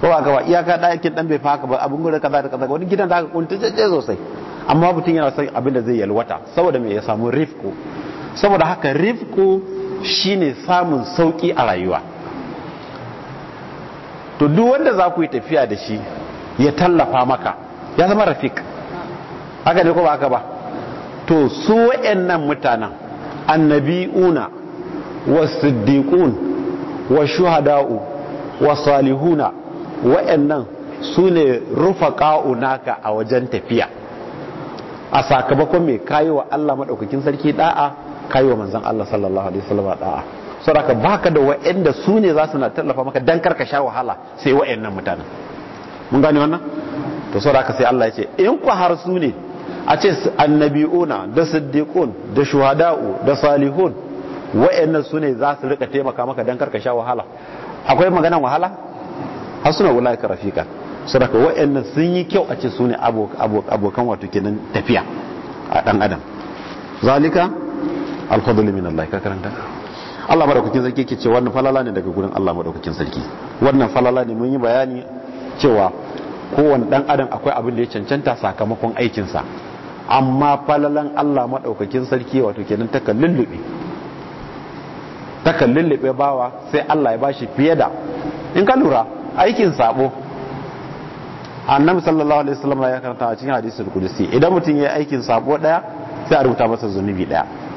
ko ba gaba iyaka ɗakin dan bai faka ba abin gudan kaza da kaza wani gidan za ka kuntace sosai amma mutum yana son abin da zai yalwata saboda me ya samu rifko saboda haka rifku Shi ne samun sauƙi a rayuwa to duk wanda za ku yi tafiya da shi ya tallafa maka ya zama rafik aka ne ko ba aka ba to su nan mutanen annabi'una wasiddiqun wa shuhada'u wa salihuna nan su ne rufa naka a wajen tafiya a sakamakon mai kayo wa Allah maɗaukakin sarki da'a yi wa manzan Allah sallallahu alaihi wasallam da'a saboda baka da wa'anda su ne za su na tallafa maka dan karka sha wahala sai wa'annan mutanen mun gane wannan to saboda sai Allah ya ce in ku har su ne a ce annabi'una da siddiqun da shuhada'u da salihun wa'annan su ne za su rika taimaka maka dan karka sha wahala akwai maganan wahala har suna wulaika rafika sadaka wa'annan sun yi kyau a ce su ne abokan wato kenan tafiya a dan adam zalika alfadlu min Allah ka karanta Allah madaukakin sarki yake cewa wannan falala ne daga gurin Allah madaukakin sarki wannan falala ne mun yi bayani cewa kowane dan adam akwai abin da ya cancanta sakamakon aikinsa amma falalan Allah madaukakin sarki wato kenan ta lullube ta lullube bawa sai Allah ya bashi fiye da in ka lura aikin sabo annabi sallallahu alaihi wasallam ya karanta a cikin hadisi al qudsi idan mutum ya aikin sabo daya sai a rubuta masa zunubi daya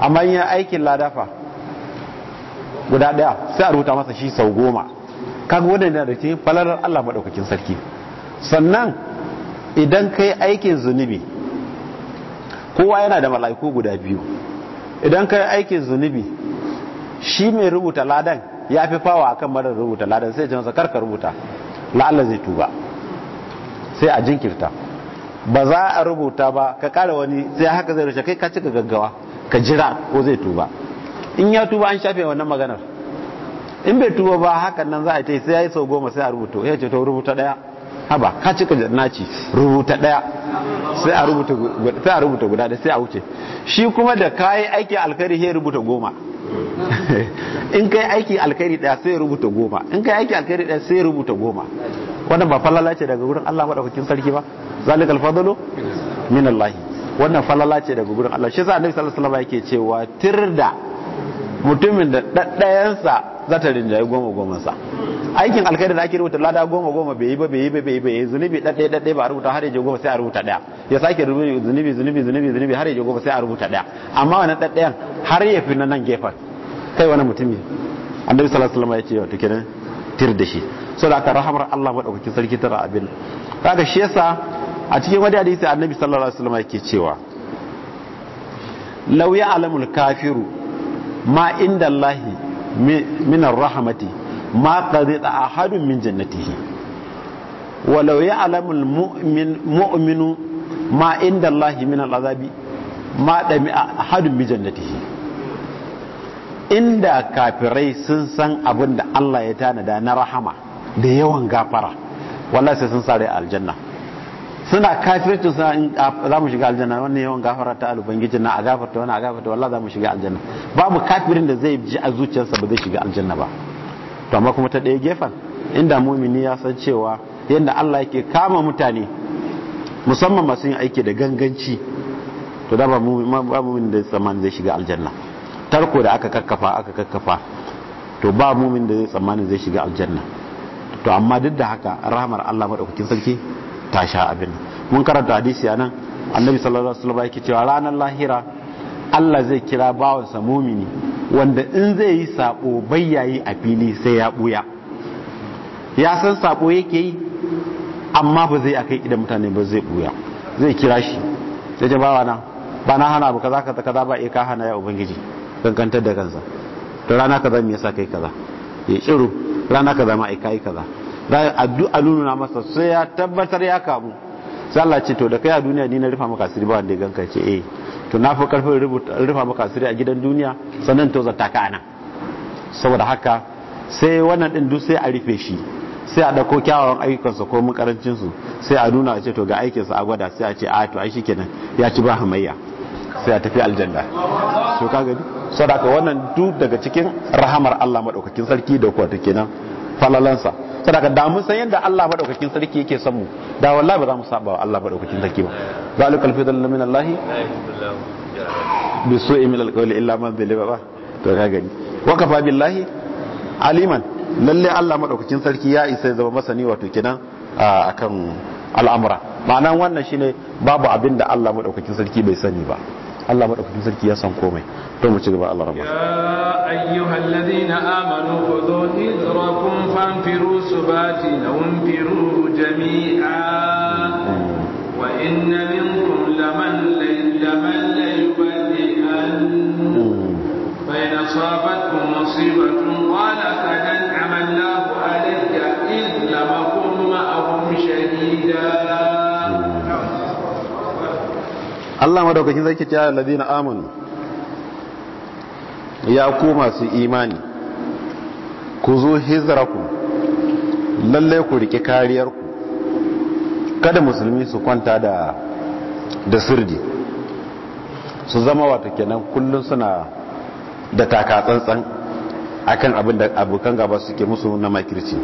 amma yin aikin ladafa guda daya sai a rubuta masa shi sau goma kaga wannan yana da ce falalar Allah maɗaukakin sarki sannan idan kai aikin zunubi kowa yana da mala'iku guda biyu idan kai aikin zunubi shi mai rubuta ladan ya fi fawa akan marar rubuta ladan sai jinsa karka rubuta la'alla zai tuba sai a jinkirta ba za a rubuta ba ka kara wani sai haka zai rushe kai ka cika gaggawa ka jira ko zai tuba in ya tuba an shafe wannan maganar in bai tuba ba hakan nan za a ce sai ya yi sau goma sai a rubuta ya ce to rubuta daya haba ka cika ci rubuta daya sai a rubuta guda da sai a wuce shi kuma da kayi aiki alkhairi sai rubuta goma in kai aiki alkhairi daya sai rubuta goma in kai aiki alkhairi daya sai rubuta goma wannan ba falala ce daga wurin Allah maɗaukakin sarki ba zalikal fadlu min Allah wannan falala ce daga gurin Allah shi yasa annabi sallallahu alaihi wasallam yake cewa tirda mutumin da daddayansa za ta rinjaye goma goma sa aikin alkhairi da ake rubuta lada goma goma bai yi ba bai yi ba bai yi ba yayi zunubi daddai daddai ba a rubuta har yaje goma sai a rubuta daya ya sake rubuta zunubi zunubi zunubi zunubi har yaje goma sai a rubuta daya amma wannan daddayan har ya fi nan gefen kai wani mutumi annabi sallallahu alaihi wasallam yake ce wato kenan tir da shi saboda ka rahamar Allah madaukakin sarki tara abin kaga shi yasa a cikin wani hadisi annabi sallallahu alaihi wasallam yake cewa law ya'lamul kafiru ma inda Allah min ar-rahmati ma qadita ahadun min jannatihi wa law ya'lamul mu'min mu'minu ma inda Allah min al-azabi ma dami ahadun min jannatihi inda kafirai sun san abin da Allah ya tanada na rahama da yawan gafara wallahi sai sun sare aljanna suna kafircin suna za mu shiga aljanna wannan yawan gafara ta alubangijin na a gafarta wani a gafarta wallah za mu shiga aljanna babu kafirin da zai ji a zuciyarsa ba zai shiga aljanna ba to amma kuma ta ɗaya gefen inda mumini ya san cewa yadda Allah yake kama mutane musamman masu yin aiki da ganganci to da ba mumin da tsammani zai shiga aljanna tarko da aka kakkafa aka kakkafa to ba mumin da zai tsammani zai shiga aljanna to amma duk da haka rahamar Allah madaukakin sarki ta sha abin mun karanta hadisi anan annabi sallallahu alaihi wasallam yake cewa ranar lahira Allah zai kira sa mumini wanda in zai yi sabo bayyayi a fili sai ya buya ya san sabo yake yi amma ba zai akai idan mutane ba zai buya zai kira shi sai ce bawa na ba na hana ba kaza ka kaza ba ka hana ya ubangiji kankantar da kansa to rana kaza me yasa kai kaza ya tsiro rana kaza ma ai kai kaza za a addu'a nuna masa sai ya tabbatar ya kamu sai Allah ce to da kai a duniya ni na rufa maka asiri ba wanda ya ganka ce eh to na fi karfin rufa maka asiri a gidan duniya sannan to zata ka ana saboda haka sai wannan din duk sai a rufe shi sai a dauko kyawawan sa ko karancin su sai a nuna a ce to ga sa a gwada sai a ce a to ai shikenan ya ci ba hamayya sai a tafi aljanna to ka gani saboda wannan duk daga cikin rahamar Allah madaukakin sarki da kuwa take nan falalansa sadaka da mun san yadda Allah madaukakin sarki yake son mu da wallahi ba za mu saba wa Allah madaukakin sarki ba zalikal fidal min Allah bi su'i min alqawl illa man zaliba ba to ka gani wa kafa billahi aliman lalle Allah madaukakin sarki ya isa zama masani wato kenan akan al'amura ma'anan wannan shine babu abin da Allah madaukakin sarki bai sani ba Allah madaukakin sarki ya san komai don mu ci gaba Allah rabba ya ayyuhal ladina amanu khudhu hidrakum fanfiru subati law anfiru jami'a mm-hmm. wa inna laman laman mm-hmm. musibatun Allah madaukakin zai ce ladina amanu ya ku masu imani ku zo hijraku lalle ku rike kariyar ku kada musulmi su kwanta da da sirdi su zama wato kenan kullun suna da taka tsantsan akan abin da abokan gaba suke musu na makirci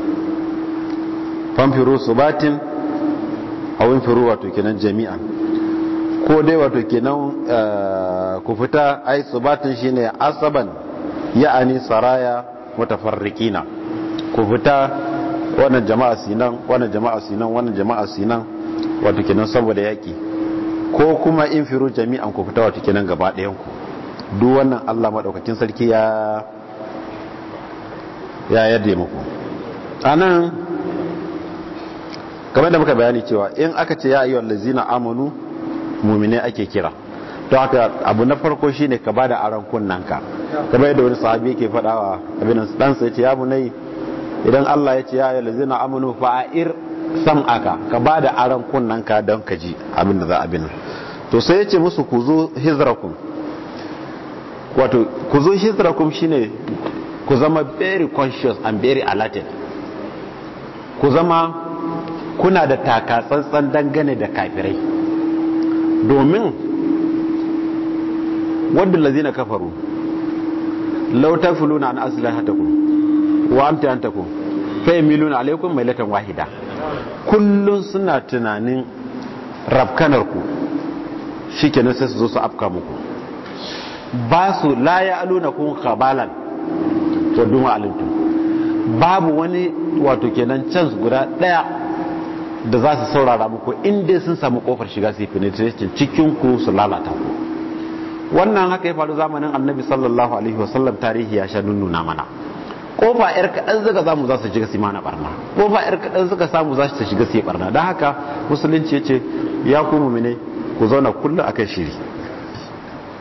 famfiru su batin a wimfiro wato kenan jami'an ko dai wato kenan eh, ku fita ai subatin shine asaban ya'ani saraya mutafarriqina ku fita wannan jama'a sinan wannan jama'a sinan wannan jama'a sinan wato kenan saboda yaki ko kuma in firu jami'an ku fita wato kenan gaba ɗayan ku duk wannan Allah madaukakin sarki ya ya yarda muku anan game da muka bayani cewa in aka ce ya ayyuhal ladzina amanu mumine ake kira to haka abu na farko shine ka bada aran kunnanka kamar yadda wani sahabi yake fadawa abin dan sai ce ya nayi idan Allah ya ce ya yalzina amanu fa'ir sam'aka ka bada aran kunnanka don ka ji abin da za a bin to sai ya ce musu ku zo hizrakum wato ku zo hizrakum shine ku zama very conscious and very alerted ku zama kuna da takatsantsan dangane da kafirai domin wadda na kafaru lautar fuluna an asila ku. wa amta hantakun fayin miluna alaikun mai latin wahida kullum suna tunanin rafkanarku shi kenan sai su zo su afka muku ba su laye aluna kun kabalan to duma alintu babu wani wato kenan can guda daya da za su saurara muku inda sun samu kofar shiga su yi penetration cikin ku su lalata ku wannan haka ya faru zamanin annabi sallallahu alaihi wasallam tarihi ya sha nuna mana kofa yar kadan suka samu za su shiga su mana barna kofa yar kadan suka samu za su shiga su yi barna don haka musulunci ya ce ya ku mumine ku zauna kullum akan shiri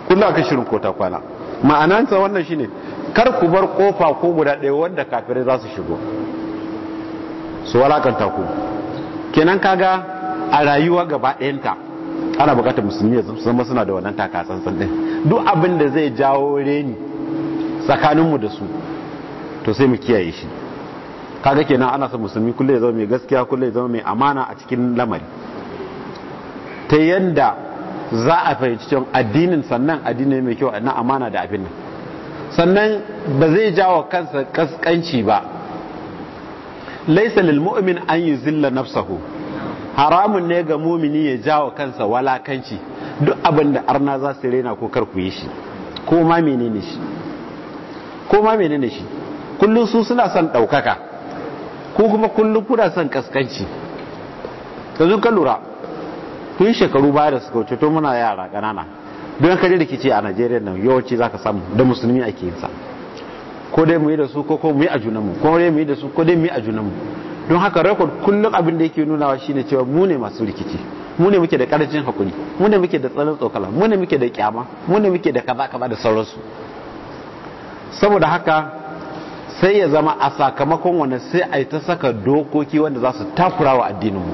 a akan shirin ta kwana ma'anansa wannan shine kar ku bar kofa ko guda ɗaya wanda kafirai za su shigo su walakanta ku kenan kaga a rayuwa gaba ɗayanta ana bukatar musulmi ya zama suna da wannan taka takatsantsan ɗin duk abin da zai jawo reni tsakaninmu da su to sai mu kiyaye shi kaga kenan ana son musulmi kullum ya zama mai gaskiya kullum ya zama mai amana a cikin lamari ta yadda za a fahimci cewa addinin sannan addini mai kyau na amana da abin nan sannan ba zai jawo kansa kaskanci ba laisa lil mu'min an yuzilla nafsahu haramun ne ga mumini ya jawo kansa walakanci duk abin da arna za su rena ko kar ku yi shi ko ma menene shi ko ma menene shi kullun su suna son daukaka ko kuma kullun kuna son kaskanci yanzu ka lura tun shekaru baya da suka wuce to muna yara ƙanana don kare rikici a Najeriya nan yawanci zaka samu da musulmi ake yin sa ko dai mu yi da su ko ko mu yi a junanmu ko dai mu yi da su ko dai mu yi a junanmu don haka record kullum abin da yake nunawa shine cewa mu ne masu rikici mu ne muke da karancin hakuri mu ne muke da tsaron tsokala mu ne muke da kyama mu ne muke da kaza kaza da sauransu saboda haka sai ya zama a sakamakon wanda sai a ta saka dokoki wanda za su takura wa addininmu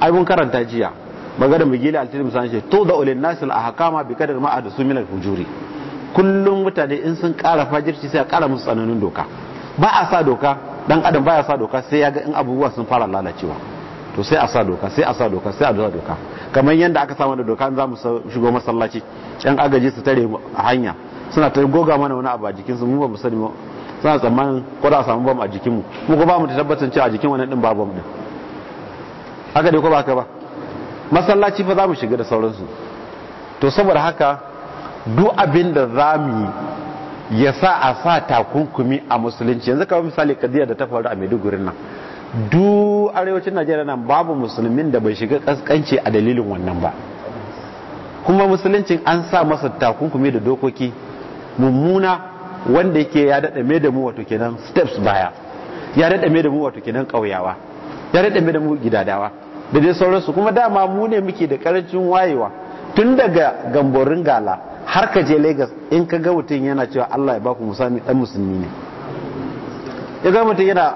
ai mun karanta jiya magana mu gila altiri musan ce to da ulil nasil ahkama bi kadar ma da su min fujuri kullum mutane in sun ƙara fajirci sai a ƙara musu tsananin doka ba a sa doka dan adam baya sa doka sai ya ga in abubuwa sun fara lalacewa to sai a sa doka sai a sa doka sai a sa doka kamar yadda aka samu da doka za mu shigo masallaci yan agaji su tare a hanya suna ta goga mana wani abu a jikinsu mu ba mu sani suna tsammanin ko da samu bam a jikinmu mu ko ba mu tabbatar cewa a jikin wani din ba bam din haka dai ko ba haka ba masallaci fa za mu shiga da sauransu to saboda haka duk abin da za mu yi ya sa a sa takunkumi a musulunci yanzu kawai misali kadiyar da ta faru a maiduguri nan duk arewacin najeriya nan babu musulmin da bai shiga kaskanci a dalilin wannan ba kuma musuluncin an sa masa takunkumi da dokoki mummuna wanda yake ya daɗa mai da mu wato kenan steps baya ya daɗa mai da mu wato kenan ƙauyawa ya daɗa mai da mu gidadawa da dai sauransu kuma dama mu ne muke da ƙarancin wayewa tun daga gamborin gala har ka je Lagos in ka ga mutum yana cewa Allah ya ba ku musami dan musulmi ne ya ga mutum yana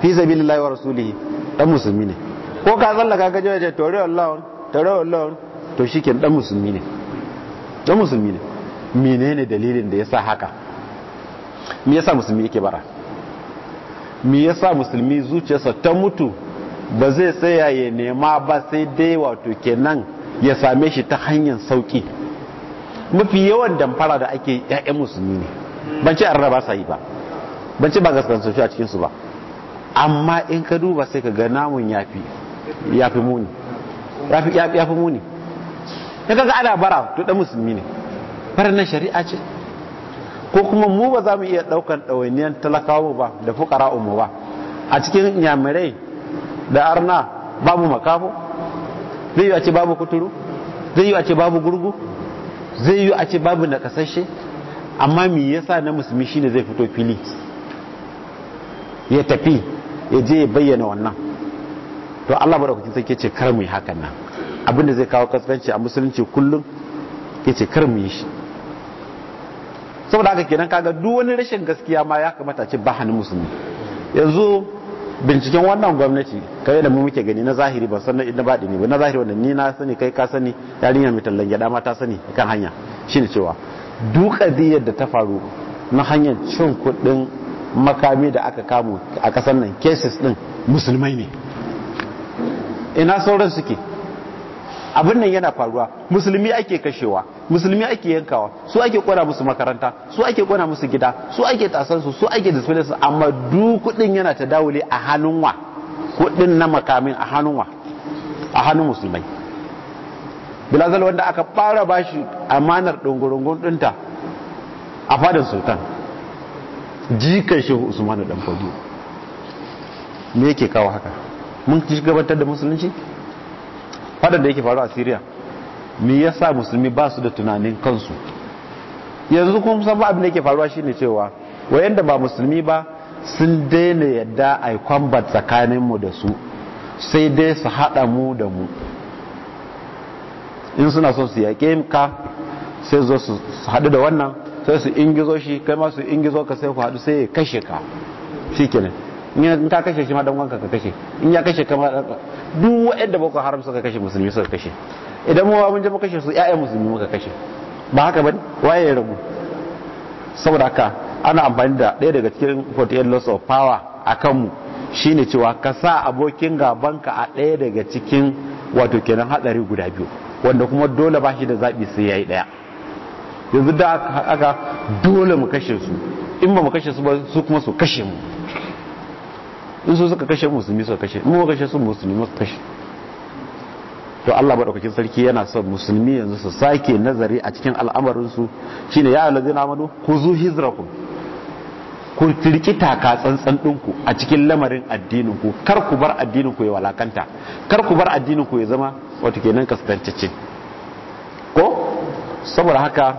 fi sabilillahi wa rasulihi dan musulmi ne ko ka zalla ka ga jaje tore Allah tore Allah to shike dan musulmi ne dan musulmi ne menene dalilin da yasa haka me yasa musulmi yake bara me yasa musulmi zuciyarsa ta mutu ba zai tsaya ya nema ba sai dai wato kenan ya same shi ta hanyar sauki mafi yawan damfara da ake ƴaƴan musulmi ne ban ce arna ba sa ba ban ce ba gaskansu a cikinsu ba amma in ka duba sai ka ga namun yafi yafi muni yafi yafi muni in ka ana bara to dan musulmi ne farar nan shari'a ce ko kuma mu ba za mu iya ɗaukan ɗawainiyar talakawa ba da fukara umu ba a cikin yamirai da arna babu makafu zai yi a ce babu kuturu zai yi a ce babu gurgu zai yi a ce babu na kasashe amma me yasa na musulmi shi ne zai fito fili ya tafi ya je ya bayyana wannan to Allah madaukakin sarki ce kar mu yi hakan nan abinda zai kawo kaskanci a musulunci kullum yace kar mu yi shi saboda haka kenan kaga duk wani rashin gaskiya ma ya kamata ce ba hannun musulmi yanzu binciken wannan gwamnati kai da mu muke gani na zahiri ba sannan idan baɗi ne ba na zahiri wannan ni na sani kai ka sani yarinya mai tallan gyada ma ta sani kan hanya shine cewa duk kadiyar da ta faru na hanyar cin kuɗin makami da aka kamo a ƙasar nan cases din musulmai ne ina sauran suke abin nan yana faruwa musulmi ake kashewa musulmi ake yankawa su ake kona musu makaranta su ake kona musu gida su ake tasan su su ake disfilin amma duk kudin yana ta dawule a hannun wa kudin na makamin a hannun a hannun musulmai bilazal wanda aka fara bashi amanar dungurungun dinta a fadin sultan jikan shehu usmanu dan fodiyo me yake kawo haka mun gabatar da musulunci fadar da yake faru a syria me yasa musulmi ba su da tunanin kansu yanzu kuma san abin da yake faruwa shine cewa wayanda ba musulmi ba sun daina yadda a kwambar tsakaninmu da su sai dai su haɗa mu da mu in suna so su yaƙe ka sai zo su haɗu da wannan sai su ingizo shi kai ma su ingizo ka sai ku haɗu sai ya kashe ka shi kenan in ka kashe shi ma dan wanka ka kashe in ya kashe ka ma duk waɗanda boko haram suka kashe musulmi suka kashe idan mu mun je mu kashe su ƴaƴan musulmi muka kashe ba haka bane waye ya rabu saboda haka ana amfani da ɗaya daga cikin 48 laws of power a kanmu shine cewa ka sa abokin gabanka a ɗaya daga cikin wato kenan hadari guda biyu wanda kuma dole ba shi da zaɓi sai ya yi ɗaya yanzu da aka dole mu kashe su in ba mu kashe su ba su kuma su kashe mu in su suka kashe musulmi suka kashe mu kashe su musulmi suka kashe to Allah madaukakin sarki yana son musulmi yanzu su sake nazari a cikin al'amarin su shine ya allazina amanu zu hizrakum ku tirki taka tsantsan ɗinku a cikin lamarin addinin ku kar ku bar addinin ku ya walakanta kar ku bar addinin ku ya zama wato kenan kaskantacce ko saboda haka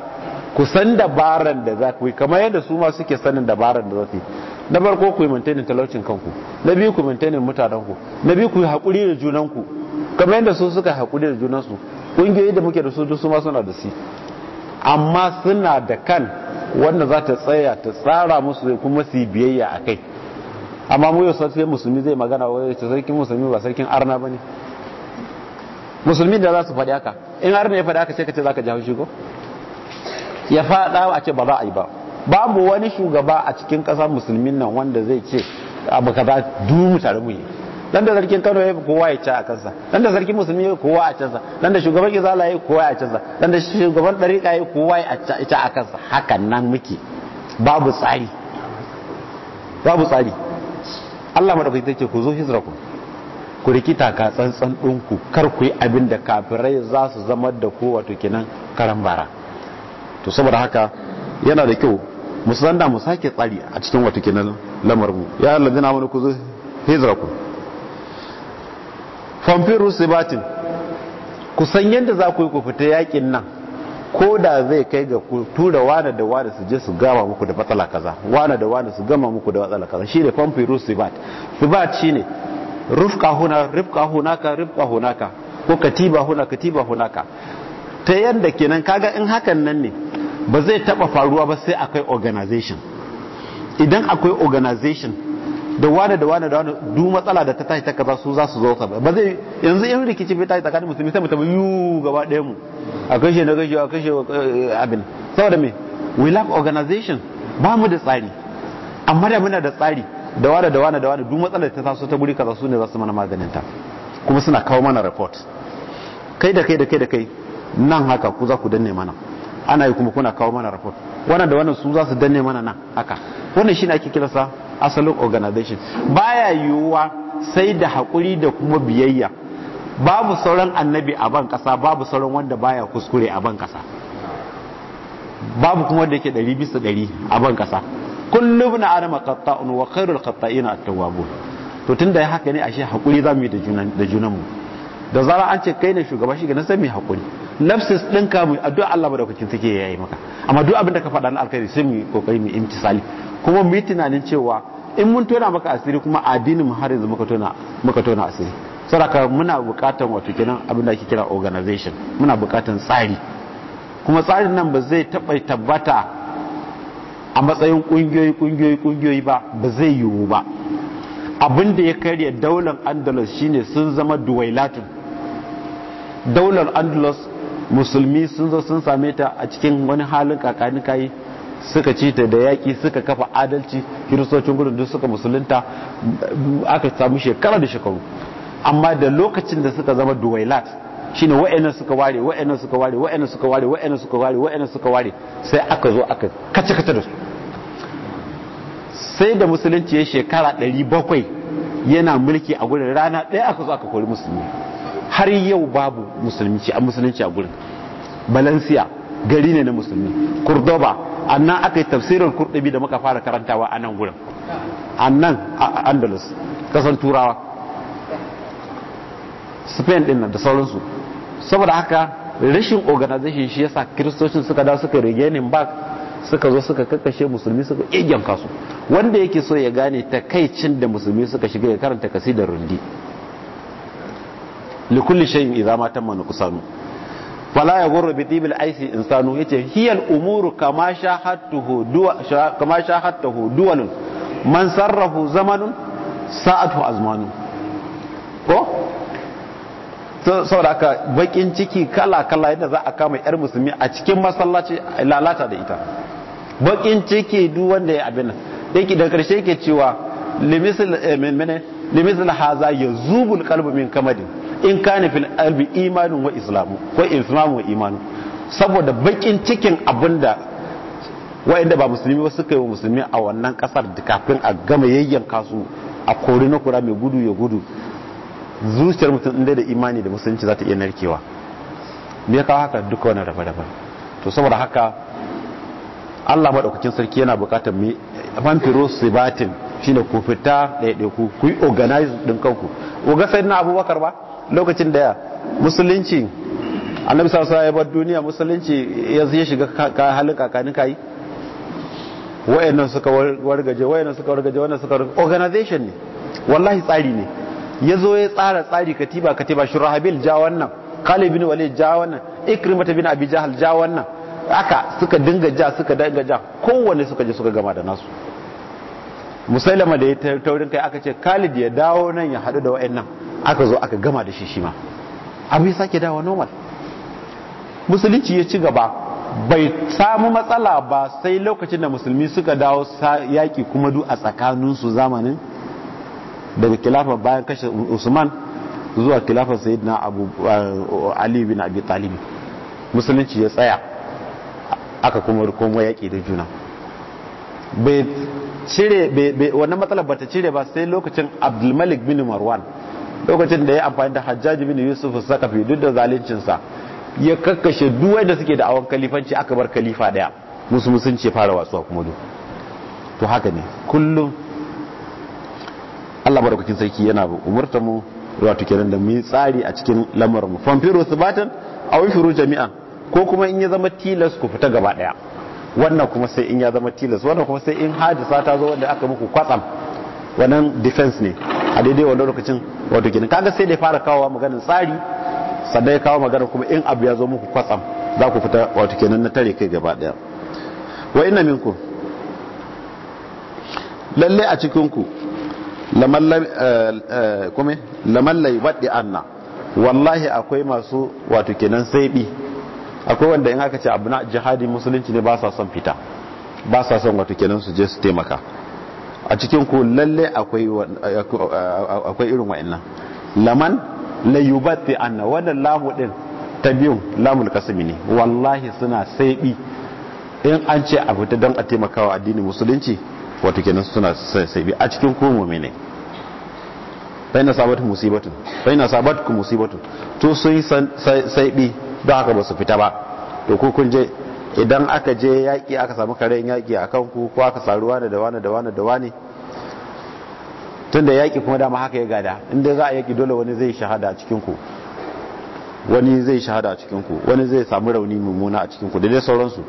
ku san dabaran da za ku yi kamar yadda su ma suke sanin dabaran da za su yi na farko ku yi mintanin talaucin kanku na biyu ku mintanin mutanenku na biyu ku yi haƙuri da junanku. kamar yadda su suka haƙuri da junansu ƙungiyoyi da muke da su su ma suna da si amma suna da kan wanda za ta tsaya ta tsara musu kuma su biyayya a kai amma mu yau sarfe musulmi zai magana wani ta sarkin musulmi ba sarkin arna ba ne musulmi da za su faɗi haka in arna ya faɗi haka sai ka ce za ka ji haushi ko ya faɗa a ce ba za a yi ba babu wani shugaba a cikin ƙasa musulmin nan wanda zai ce abu kaza du mu tare mu yi dan da sarkin Kano yayi kowa ya ci a kansa dan da sarkin musulmi yayi kowa a kansa dan da shugaban izala yayi kowa a kansa dan da shugaban dariqa yayi kowa ya ci a kansa hakan nan muke babu tsari babu tsari Allah madaukaki take ku zo hijraku ku rikita ka tsantsan ɗinku kar ku yi abin da kafirai za su zama da ku wato kenan karan bara to saboda haka yana da kyau musu san da mu sake tsari a cikin wato kenan lamarmu, ya Allah allazina wani ku zo hijraku famfiru sibatin ku san yadda za ku yi ku fita yakin nan ko da zai kai ga ku tura wane da wane su je su gama muku da matsala kaza wane da wane su gama muku da matsala kaza ne famfiru sibat sibat ne. Rufka huna rufka hunaka rufka hunaka ko katiba huna katiba hunaka ta yadda kenan kaga in hakan nan ne ba zai taba faruwa ba sai akwai organization idan akwai organization da wane da wane da wane du matsala da ta tashi ta kaza su za su zo ba ba zai yanzu in rikici bai tashi tsakanin musulmi sai mu tabi yu gaba ɗaya mu a kashe na kashe a kashe eh, abin saboda me we lack organization ba mu da tsari amma da muna da tsari da wane da wane da wane du matsala da ta taso ta guri kaza su ne za su mana maganin ta kuma suna kawo mana report kai da kai da kai da kai nan haka ku za ku danne mana ana yi kuma kuna kawo mana report wannan da wannan su za su danne mana nan haka wannan shine ake sa. asalin organization baya yiwuwa sai da haƙuri da kuma biyayya babu sauran annabi a ban ƙasa babu sauran wanda baya kuskure a ban ƙasa babu kuma wanda yake ɗari bisa ɗari a ban ƙasa kullum na adama qatta'un wa khairul qatta'ina at-tawwabun to tunda haka ne ashe haƙuri zamu yi da junan da junan mu da zara an ce kai ne shugaba shi ganin sai mai hakuri nafsis ɗinka mu addu'a Allah madaukakin take yayi maka amma duk abin da ka faɗa na alkhairi sai mu kokari mu imtisali kuma mu yi tunanin cewa in mun tona maka asiri kuma addinin mu har yanzu muka tona muka tona asiri saraka muna bukatan wato kenan abin da ake kira organization muna bukatan tsari kuma tsarin nan ba zai taɓa tabbata a matsayin ƙungiyoyi ƙungiyoyi ƙungiyoyi ba ba zai yiwu ba abin da ya karya daular andalus shine sun zama duwailatin daular andalus musulmi sun zo sun same ta a cikin wani halin kakani kayi suka ci ta da yaƙi suka kafa adalci kiristocin gudun duk suka musulunta aka samu shekara da shekaru amma da lokacin da suka zama duwailat ne wa'ina suka ware wa'ina suka ware wa'ina suka ware wa'ina suka ware wa'ina suka ware sai aka zo aka kace kace da su sai da musulunci ya shekara 700 yana mulki a gurin rana ɗaya aka zo aka kori musulmi har yau babu musulunci a musulunci a gurin balansiya gari ne na musulmi kurdoba annan aka yi tafsirin kurdobi da muka fara karantawa a nan a annan a andalus kasar turawa spain din da sauransu saboda haka rashin organization shi yasa kiristocin suka da suka regenin back suka zo suka kakashe musulmi suka ƙigyan kasu wanda yake so ya gane takaicin da musulmi suka shiga ya karanta kasidar rundi likulli shayin idza ma tamma kusanu. fala ya gurra bi tibil aisi insanu yace hiyal umuru kama shahatuhu duwa kama shahatuhu duwan man sarrahu zamanun sa'atu azmanu ko saboda aka bakin ciki kala kala yadda za a kama yar musulmi a cikin masallaci lalata da ita bakin ciki duk wanda ya abin yake da karshe yake cewa limisl eh, menene haza yazubul qalbu min kamadin in kana fil qalbi imanun wa islamu ko islamu wa imanu saboda bakin cikin abinda wa'anda ba musulmi ba suka yi wa musulmi a wannan kasar da kafin a gama yayyan kasu a kori na kura mai gudu ya gudu zuciyar mutum inda da imani da musulunci za ta iya narkewa me ya kawo haka duka wani rabe-rabe to saboda haka Allah maɗaukakin sarki yana bukatar mu fanfiro sibatin shine ku fita ɗaiɗaiku ku yi organize ɗin kanku ku ga na abubakar ba lokacin da musulunci annabi sallallahu ya bar duniya musulunci ya zai shiga ka halin kakanin kai wayannan suka wargaje wayannan suka wargaje wannan suka organization ne wallahi tsari ne ya zo ya tsara tsari katiba katiba shurahabil ja wannan Khalid bin Walid ja wannan ikrimata bin Abi Jahal ja wannan aka suka dinga ja suka dinga ja kowanne suka je suka gama da nasu musailama da ya taurin kai aka ce khalid ya dawo nan ya haɗu da wa'annan aka zo aka gama da shi shi ma abu ya sake dawa normal musulunci ya ci gaba bai samu matsala ba sai lokacin da musulmi suka dawo yaƙi kuma du a tsakaninsu zamanin daga kilafa bayan kashe usman zuwa kilafa sayyidina abu uh, ali bin abi talib musulunci ya tsaya aka kuma komo yaƙi da juna bai cire wannan matsalar bata cire ba sai lokacin abdulmalik bin marwan lokacin da ya amfani da hajjaji bin yusuf sakafi duk da zaluncinsa ya kakkashe duwai da suke da awon kalifanci aka bar kalifa daya musu musun ce fara wasuwa kuma to haka ne kullum Allah madaukakin sarki yana umarta mu wato kenan da mu yi tsari a cikin lamarin mu su batan a firu jami'a ko kuma in ya zama tilas ku fita gaba daya wannan kuma sai in ya zama tilas wannan kuma sai in hadisa ta zo wanda aka muku kwatsam wannan defense ne a daidai wannan lokacin wato kenan kaga sai dai fara kawo maganar tsari sannan ya kawo maganar kuma in abu ya zo muku kwatsam za ku fita wato kenan na tare kai gaba daya wa ina minku lalle a cikin ku lamallai waɗi anna wallahi akwai masu wato kenan sai bi akwai wanda in aka ce abu na jihadi musulunci ne ba sa son fita ba sa son wato kenan su je su taimaka a cikin ku lalle akwai irin wa'annan laman la yubatti anna wannan lamu din ta biyun lamul kasimi ne wallahi suna saibi in an ce abu ta don a taimakawa addinin musulunci wato kenan suna saibi a cikin ku mu'mine bayna sabatun musibatun bayna sabatun musibatu to sun saibi don haka ba su fita ba to kukun kun je idan aka je yaƙi aka samu karen yaƙi a kan ku ko aka saruwa da dawane da dawane tun da yaƙi kuma dama haka ya gada inda za a yaƙi dole wani zai shahada a cikinku wani zai shahada a cikinku wani zai samu rauni mummuna a cikinku da dai sauransu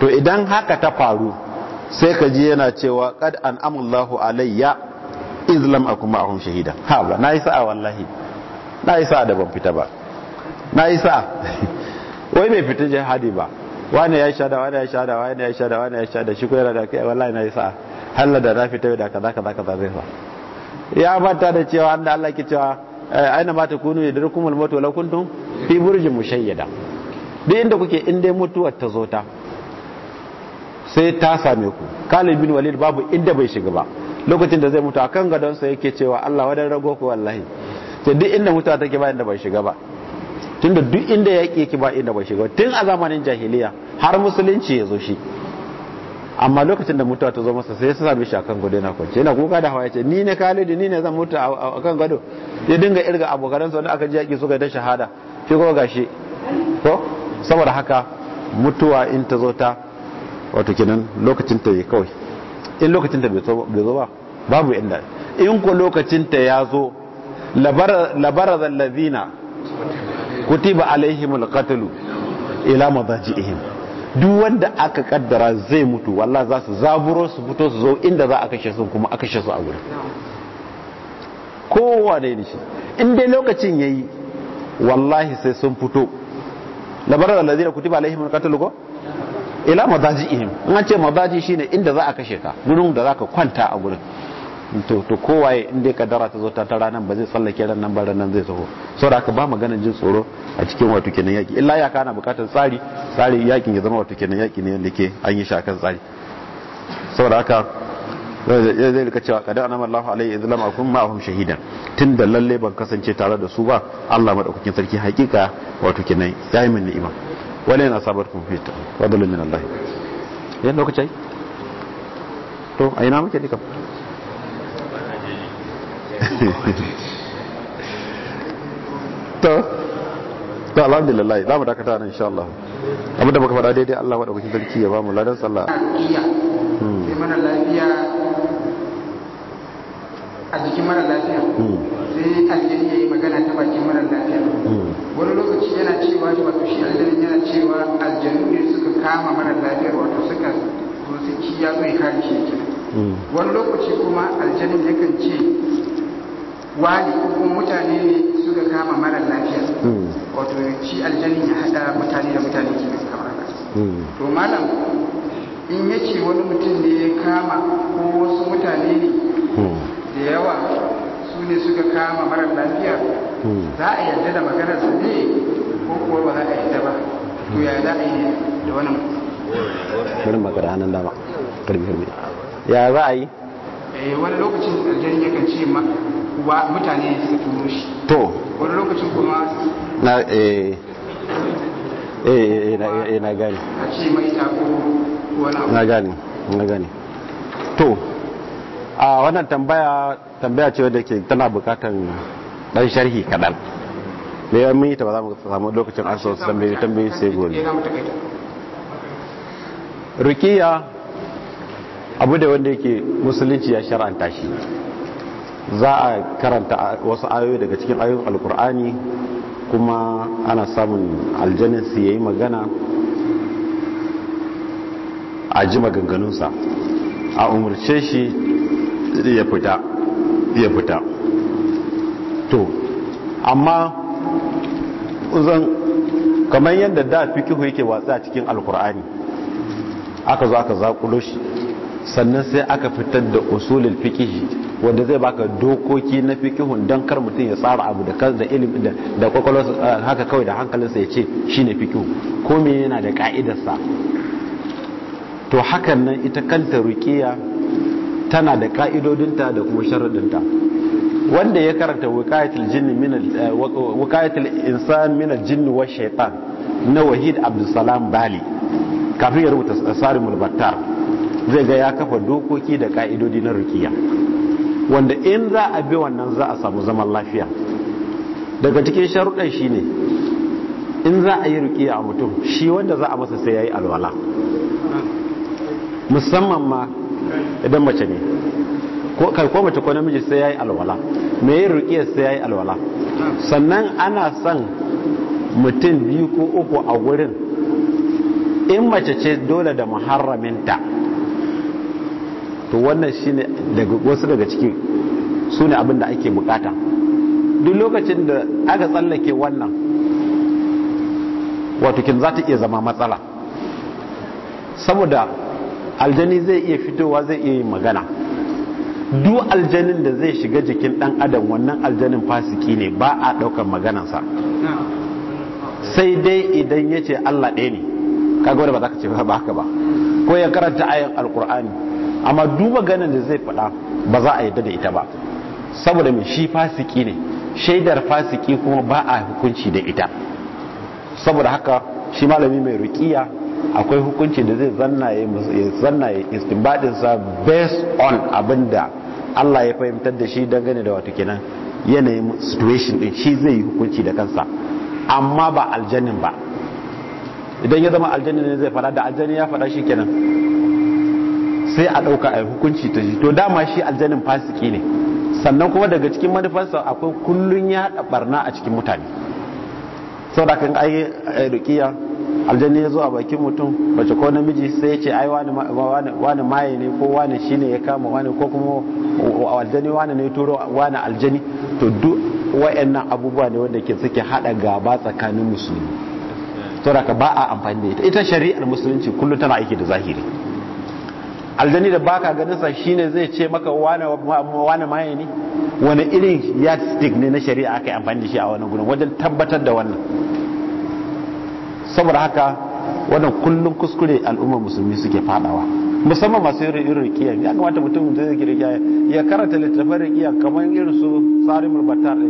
to idan haka ta faru sai ka ji yana cewa qad an amullahu alayya izlam akuma ma'ahum shahida ha ba na yi sa'a wallahi na yi sa'a da ban fita ba na isa wai bai fita jihadi ba wani ya sha da wani ya sha da wani ya sha da wani ya sha da shi ko yana da kai wallahi na isa halla da rafi ta da kaza kaza kaza zai sa ya manta da cewa an da Allah ke cewa eh, aina mata kunu yadrukumul maut wa law kuntum fi burjin mushayyada duk inda kuke in dai mutuwar ta zo ta sai ta same ku kalibin bin Walid babu inda bai shiga ba lokacin da zai mutu akan gadon sa yake cewa Allah wadan rago ku wallahi sai duk inda mutuwa take ba inda bai shiga ba Tun da duk inda ya ƙi ba inda bai shiga tun a zamanin jahiliya har musulunci ya zo shi amma lokacin da mutuwa ta zo masa sai ya sami shi akan gado yana kwance yana kuka da hawaye ce ni ne kalidi ni ne zan mutu a akan gado ya dinga irga abokan sa wanda aka ji yaƙi suka yi ta shahada fi kuma gashi ko saboda haka mutuwa in ta zo ta wato kenan lokacin ta yi kawai in lokacin ta bai zo ba babu inda in ko lokacin ta ya zo labara labara zallazina kutiba alaihimul qatlu ila madaji'ihim duk wanda aka kaddara zai mutu wallahi za su zaburo su fito su zo inda za a kashe su kuma a kashe su a gurin kowa ne shi in dai lokacin yayi wallahi sai sun fito Labar da lazina kutiba alaihim alqatl ko ila madajihim in an ce madaji shine inda za a kashe ka gurin da za ka kwanta a gurin to to kowaye in dai kadara ta zo ta tara ranan ba zai tsallake ran nan ba ran nan zai taho saboda haka ba magana jin tsoro a cikin wato kenan yaki illa ya kana bukatar tsari tsari yakin ya zama wato kenan yaki ne yanda ke an yi shakan tsari saboda haka zai rika cewa kada anama Allah alaihi lam akun ma'ahum shahidan tunda lalle ban kasance tare da su ba Allah madaukakin sarki hakika wato kenan yayi min ni'ima wala yana sabarkum kun fita wadallu min Allah yan lokaci to a ina muke dika ta ta alhamdulillah za mu dakata nan insha Allah abin da muka fada daidai Allah madaukakin sarki ya ba mu ladan sallah hmm. sai mara lafiya a jikin mara lafiya hmm. sai aljani yi magana ta bakin mara lafiya hmm. wani lokaci yana cewa wato shi aljani yana cewa aljanu ne suka kama mara lafiya wato suka to su ya zo ya kare shi wani lokaci kuma aljanin yakan ce wani ko mutane ne suka kama mara lafiya hmm. wato shi aljani ya hada mutane da mutane ke da kamar hmm. to malam in ya ce wani mutum ne ya kama ko wasu mutane ne hmm. da yawa su ne suka kama mara lafiya za a yarda da maganar su ne ko kuwa ba za a yarda ba to ya za a yi da wani mutum bari magana nan dama karbi karbi ya za a yi Eh, wani lokacin aljan yakan ce mutane su turo shi to wani lokacin kuma na eh eh, eh na eh, gani a ce mai ko wani na gani na gani to a wannan tambaya tambaya ce wadda ke tana bukatan dan sharhi kadan da ya mai ta ba za mu samu lokacin asusun tambayi tambayi sai gobe rukiya abu da wanda yake musulunci ya shar'anta shi za a karanta wasu ayoyi daga cikin ayoyin alkur'ani kuma ana samun aljanisi ya yi magana a ji maganganunsa a umarce shi ya fita ya fita to amma zan kamar yadda da fikihu yake watsa cikin alkur'ani aka zo aka zakulo shi sannan sai aka fitar da usulul fiqh wanda zai baka dokoki na fiqh don kar mutum ya tsara abu da kansa da ilimi da da eh, haka kawai da hankalinsa ya ce shine fiqh ko me yana da ka'idarsa to hakan nan ita kanta ruqiya tana da ka'idodinta da kuma sharadinta wanda ya karanta wiqayatul jinni min eh, wiqayatul insan min al-jinn wa shaytan na wahid abdussalam bali kafin ya rubuta sarimul battar zai ga ya kafa dokoki da ka'idodi na rukiya wanda in za a bi wannan za a samu zaman lafiya daga cikin sharuɗan shi ne in za a yi rukiya a mutum shi wanda za a masa sai ya yi alwala musamman ma idan mace ne kai ko mace ko namiji sai ya yi alwala me yin rukiya sai ya yi alwala sannan ana son mutum biyu ko uku a gurin in mace ce dole da muharraminta to wannan shine daga wasu daga cikin su ne abin ake bukata duk lokacin da aka tsallake wannan wato kin za ta iya zama matsala saboda aljani zai iya fitowa zai iya yin magana duk aljanin da zai shiga jikin dan adam wannan aljanin fasiki ne ba a daukar maganansa sai dai idan ya ce allah ɗaya ne kaga ba za ka ce ba haka ba ko ya karanta ayan alkur'ani amma duba ganin da zai faɗa ba za a yadda da ita ba saboda mai shi fasiki ne shaidar fasiki kuma ba a hukunci da ita saboda haka shi malami mai rukiya akwai hukunci da zai zanna ya zanna ya istinbadin sa based on abinda Allah ya fahimtar da shi dangane da wato kenan yanayin situation din shi zai yi hukunci da kansa amma ba aljannin ba idan ya zama aljannin ne zai fada da aljannin ya fada shi kenan sai a ɗauka a hukunci ta ji to dama shi aljanin fasiki ne sannan kuma daga cikin manufarsa akwai kullun ya haɗa barna a cikin mutane Sau da kan ai eh, rukiya aljanni ya zo a bakin mutum bace ko namiji sai ya ce ai wani maye ne ko wani shi ne ya kama wani ko kuma aljani wani ne turo wani aljani to duk wayannan abubuwa ne wanda ke suke hada gaba tsakanin musulmi to ka ba a amfani da ita ita shari'ar musulunci kullum tana aiki da zahiri aljani da baka ganin sa shine zai ce maka wane wane maye ne wani irin yardstick ne na shari'a aka yi amfani da shi a wannan gurin wajen tabbatar da wannan saboda haka wannan kullum kuskure al'ummar musulmi suke fadawa musamman masu yin irin rikiya ya kamata mutum da zai rikiya ya karanta littafin rikiya kamar irin su tsarimul battar ne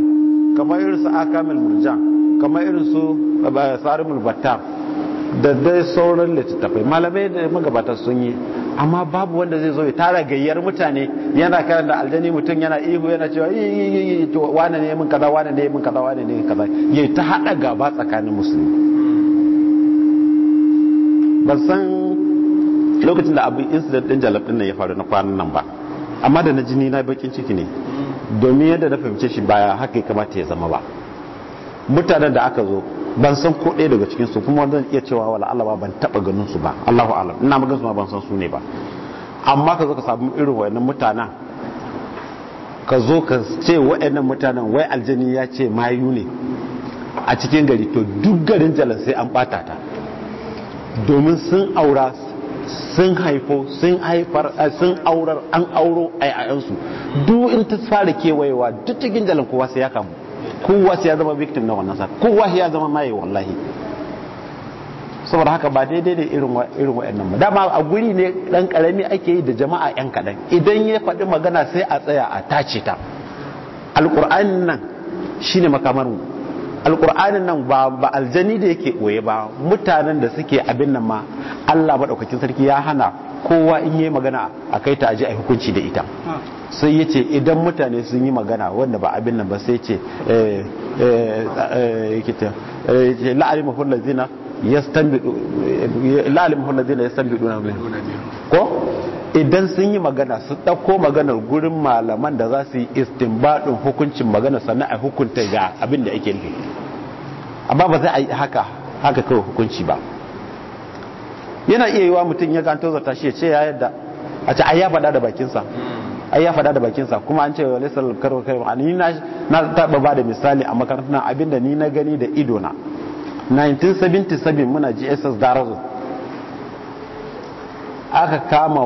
kamar irin su akamil murjan kamar irin su tsarimul eh, battar da dai sauran littafai malamai da magabata sun yi amma babu wanda zai zo ya tara gayyar mutane yana da aljani mutum yana ihu yana cewa wane ne min kaza wane ne min kaza wane ne kaza ya ta hada gaba tsakanin musulmi ban san lokacin da abin incident din jalab din ya faru na kwanan nan ba amma da na jini na bakin ciki ne domin yadda na fahimce shi baya haka ya kamata ya zama ba mutanen da aka zo ban san ko ɗaya daga cikin su kuma zan iya cewa wala Allah ba ban taba ganin su ba Allahu alam ina magan su ma ban san su ne ba amma ka zo ka samu irin wayannan mutanen ka zo ka ce wayannan mutanen wai aljani ya ce mayu ne a cikin gari to duk garin jalan sai an bata ta domin sun aura sun haifo sun haifar eh, sun aurar an auro ayayansu duk in ta fara kewayewa duk cikin jalan kowa sai ya kamu kowa sai ya zama victim na wannan sa kowa ya zama mai wallahi saboda haka ba daidai da irin irin nan ba dama a guri ne dan karami ake yi da jama'a yan kadan idan ya faɗi magana sai a tsaya a tace ta alqur'anin nan shine makamar mu alqur'anin nan ba ba aljani da yake koye ba mutanen da suke abin nan ma Allah maɗaukacin sarki ya hana kowa in yi magana a kai ta aji a hukunci da ita sai ya ce idan mutane sun yi magana wanda ba abin nan ba sai ce la'alimahun eh, eh, eh, lazina ya duna mai ko idan sun yi magana su ɗauko maganar gurin malaman da za su yi istinbadin hukuncin magana sannan a hukunta ga abin da ake nufi amma ba zai a yi haka haka kawai hukunci ba yana iya yi wa mutum ya ganto zata shi ya ce ya yadda a ce a ya faɗa da bakinsa ai ya faɗa da bakinsa kuma an ce wa laysa al-karu kai ni na na ba da misali a makarantar na abinda ni na gani da ido na 1977 muna GSS Darazo aka kama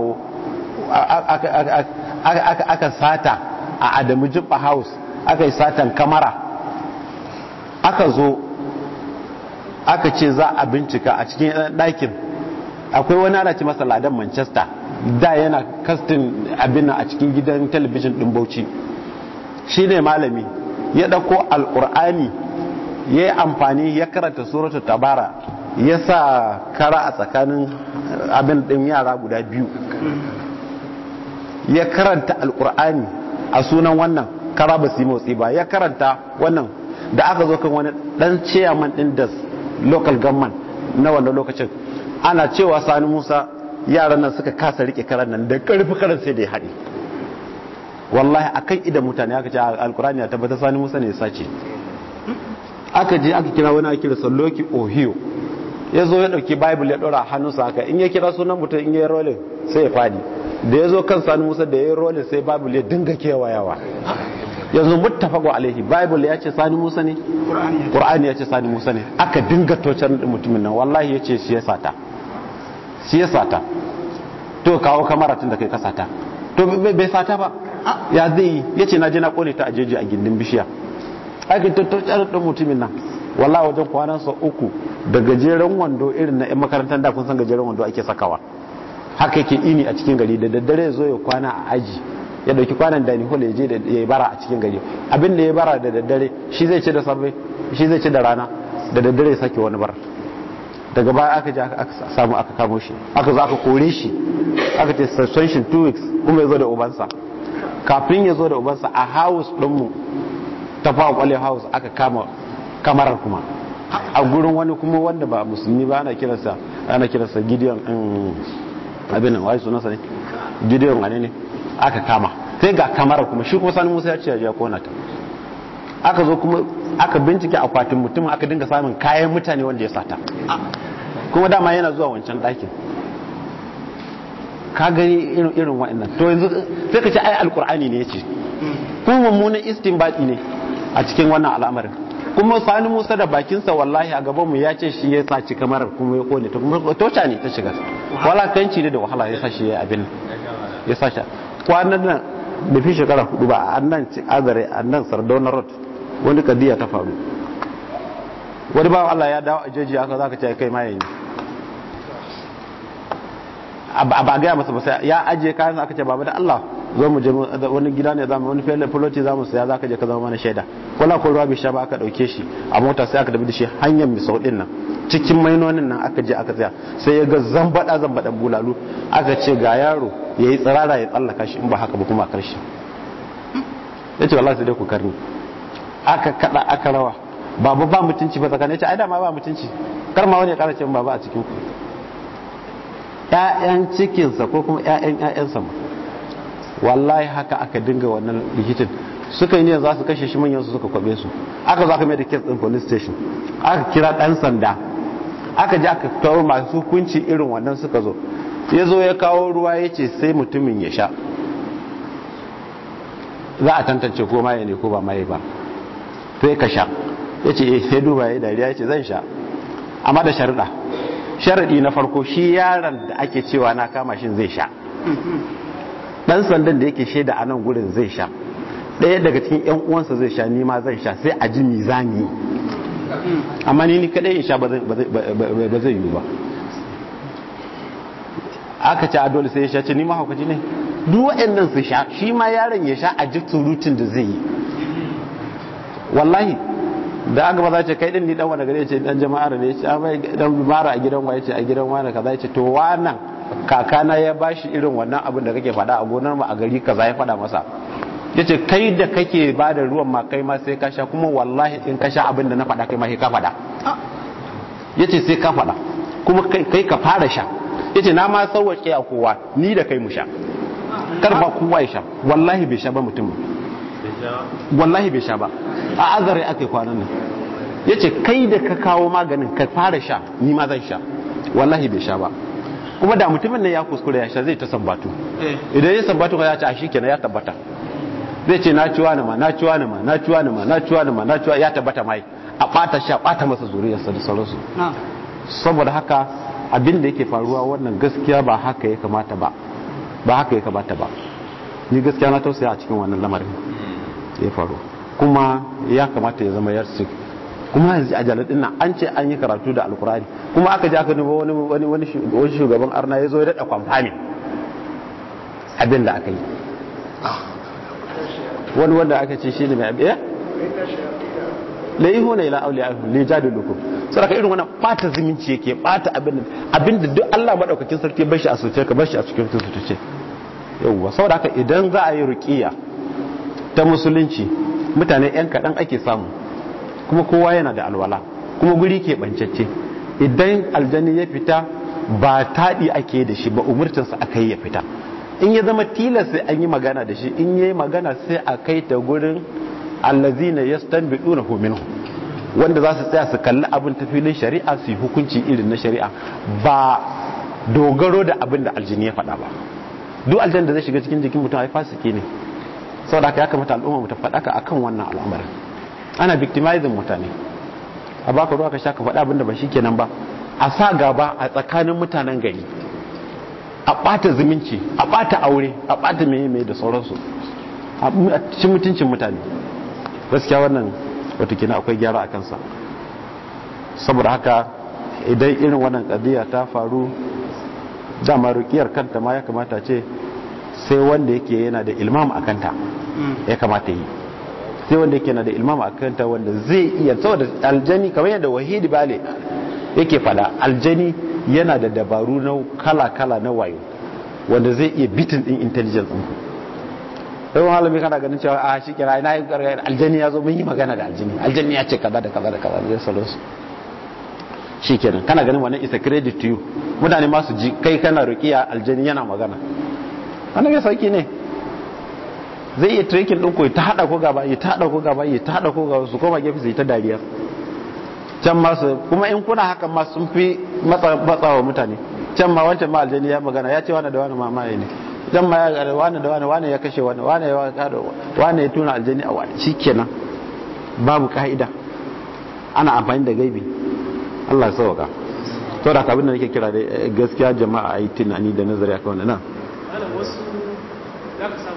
aka aka sata a Adamu Jibba House aka yi satan kamara aka zo aka ce za a bincika a cikin ɗakin akwai wani ana ce masa ladan Manchester da yana kastin abin a cikin gidan talabijin ɗin bauchi shi ne malami ya ɗauko alƙur'ani ya yi amfani ya karanta suratu tabara ya sa kara a tsakanin abin ɗin yara guda biyu ya karanta alƙur'ani a sunan wannan kara ba su motsi ba ya karanta wannan da aka zo kan wani ɗan ciyaman ɗin da local government na wannan lokacin ana cewa sani musa yaran nan suka kasa rike karan nan da karfi karan sai da ya haɗe wallahi kan idan mutane aka ce alkurani a tabbatar sani musa ne sace aka je aka kira wani akira salloki ohio ya zo ya ɗauki bible ya ɗora hannunsa haka in ya kira sunan mutum in ya yi rolin sai ya fadi da ya zo kan sani musa da ya yi rolin sai bible ya dinga kewayawa yanzu muttafago alaihi bible ya ce sani musa ne qur'ani ya ce sani musa ne aka dinga tocar mutumin nan wallahi ya ce shi ya sata shi ya sata to kawo kamara tun da kai ka sata to bai sata ba ah. ya zai ya ce na je na kone ta ajeji a gindin bishiya aikin tattaucar ɗan mutumin nan walla wajen kwanan sa uku da gajeren wando irin na 'yan makarantar da kun san gajeren wando ake sakawa haka yake ini a cikin gari da daddare zo ya kwana a aji ya dauki kwanan da nihol ya je da ya bara a cikin gari abin da ya bara da daddare shi zai ce da sabai shi zai ce da rana da daddare sake wani bar. daga baya aka ji aka samu aka kamo shi aka zo aka kore shi aka ce suspension two weeks kuma ya zo da ubansa kafin ya zo da ubansa a house ɗinmu ta fawon kwale house aka kama kamarar kuma a gurin wani kuma wanda ba musulmi ba ana kiransa ana kiransa gideon um, abin nan wai sunansa ne gideon wane ne aka kama sai ga kamarar kuma shi kuma sani musa ya ce ya kona ta aka zo kuma aka bincike akwatin mutum aka dinga samun kayan mutane wanda ya sata kuma dama yana zuwa wancan ɗakin ka gani irin wa'annan to yanzu sai ka ce ai alkur'ani ne ya ce. kuma mummunan istinbati ne a cikin wannan al'amarin kuma sani musa da bakinsa wallahi a gaban mu ya ce shi ya saci kamar kuma ya kone tocha ne ta shiga wala kanci ne da wahala ya sa shi ya abin ya shi kwanan nan da fi shekara hudu ba a nan azare a nan road wani kaddiya ta faru wani bawan Allah ya dawo a jeji aka za ka ce kai mayan yi a ba gaya masa ba ya ajiye kayan aka ce baba da Allah zo mu je wani gida ne zamu wani fele za zamu saya ka je ka zama mana shaida kula ko ruwa bai sha ba aka dauke shi a mota sai aka dabi da shi hanyar mai din nan cikin mainonin nan aka je aka tsaya sai ya ga zambada zambada bulalu aka ce ga yaro yayi tsirara ya tsallaka shi in ba haka ba kuma a karshe yace wallahi sai dai ku karni aka kada aka rawa babu ba mutunci ba tsakanin ce ai ma ba mutunci kar ma wani ya kara ce a cikin ku ƴaƴan cikinsa ko kuma ƴaƴan ƴaƴansa ma wallahi haka aka dinga wannan likitin suka yi ne za su kashe shi manyan su suka kwabe su aka zo aka mai da kes din police station aka kira dan sanda aka ji aka kawo masu hukunci irin wannan suka zo ya zo ya kawo ruwa ya ce sai mutumin ya sha za a tantance ko maye ne ko ba maye ba sai ka sha ya ce eh, sai duba ya dariya ya ce zan sha amma da sharuɗa sharaɗi na farko shi yaron da ake cewa na kama shi zai sha ɗan sandan da yake shaida a nan gurin zai sha ɗaya daga cikin yan uwansa zai sha nima zan sha sai a ji mizani amma ni kaɗai in sha ba zai yiwu ba aka ci a dole sai ya sha ce nima haukaci ne duk waɗannan su sha shi ma yaron ya sha a ji rutin da zai yi wallahi da aka ba za ce kai din ni dan wani gare ce dan jama'ar ne ce abai ah, dan mara a gidan wa ce a gidan wani kaza ce to wannan kakana ya bashi irin wannan abin da kake faɗa a gonar mu a gari kaza ya faɗa masa yace kai da kake ba da ruwan ma kai ma sai ka sha kuma wallahi in ka abin da na faɗa kai ma sai ka faɗa yace sai ka faɗa kuma kai ka fara sha yace na ma ke a kowa ni da kai mu sha kar ba kowa ya sha wallahi bai sha ba mutum wallahi bai sha ba a azare ake kwanan nan ya ce kai da ka kawo maganin ka fara sha ni ma zan sha wallahi bai sha ba kuma da mutumin nan ya kuskure ya sha zai ta sabbatu eh. idan ya sabbatu ka ya ci a shi kenan ya tabbata zai ce na ciwa na ma na ciwa na ma na ciwa na ma na ciwa na ma na ciwa ya tabbata mai a bata sha bata masa zuriyarsa da sauransu saboda haka abin da yake faruwa wannan gaskiya ba haka ya kamata ba ba haka ya kamata ba ni gaskiya na tausaya a cikin wannan lamarin ya faru kuma ya kamata ya zama yarsi kuma yanzu a jalar dinnan an ce an yi karatu da alkurari kuma aka ji aka dubo wani wani shugaban arna ya zo ya daɗa kwamfani abin da aka yi wani wanda aka ce shi ne mai abin ya. yi hona ila auliya ahun le jadi lukum sai aka irin wannan bata zumunci yake bata abin abin da duk Allah madaukakin sarki bashi a soce ka bashi a cikin tutuce sau saboda haka idan za a yi ruqiya ta musulunci mutane 'yan kaɗan ake samu kuma kowa yana da alwala kuma guri ke ɓancacce idan aljani ya fita ba taɗi ake da shi ba umartansa aka yi ya fita in ya zama tilas sai an yi magana da shi in ya yi magana sai a kai ta gurin allazina yastanbiduna minhu wanda za su tsaya su kalli abin ta filin shari'a su yi hukunci irin na shari'a ba dogaro da abin da aljini ya faɗa ba duk aljini da zai shiga cikin jikin mutum ai fasiki ne saboda haka ya kamata al'umma mu ta faɗaka akan wannan al'amarin ana victimizing mutane a baka ruwa ka sha ka faɗa abinda ba shi kenan ba a sa gaba a tsakanin mutanen gari a ɓata zumunci a ɓata aure a ɓata meye meye da sauransu a cin mutuncin mutane gaskiya wannan watakila akwai gyara a kansa saboda haka idan irin wannan ƙadiyya ta faru dama rukiyar kanta ma ya kamata ce sai wanda yake yana da ilmam a kanta mm. ya kamata yi sai wanda yake yana da ilmam a kanta wanda zai iya saboda aljani kamar yadda wahidi bale yake fada aljani yana da dabaru na kala-kala na wayo wanda zai iya bitin din intelligence ɗin ɗan wani halami kana ganin cewa a shi kira na yi gargayar aljani ya zo mun yi magana da aljani aljani ya ce kaza da kaza da kaza da salo su shi kenan kana ganin wannan isa credit to you mutane masu ji kai kana rukiya aljani yana magana annabi sauki ne zai iya trekking din ko ta hada ko gaba ya ta hada ko gaba ya ta hada ko gaba su koma gefe su ta dariya can ma su kuma in kuna hakan ma sun fi matsawa mutane can ma wancan ma aljani ya magana ya ce wani da wani mamaye ne can ma ya gare wani da wani wani ya kashe wani wani ya kado wani ya tuna aljani a wani kenan babu ka'ida ana amfani da gaibi Allah ya sauka to da kabin da nake kira da eh, gaskiya jama'a yi tunani da nazari akan wannan wasu za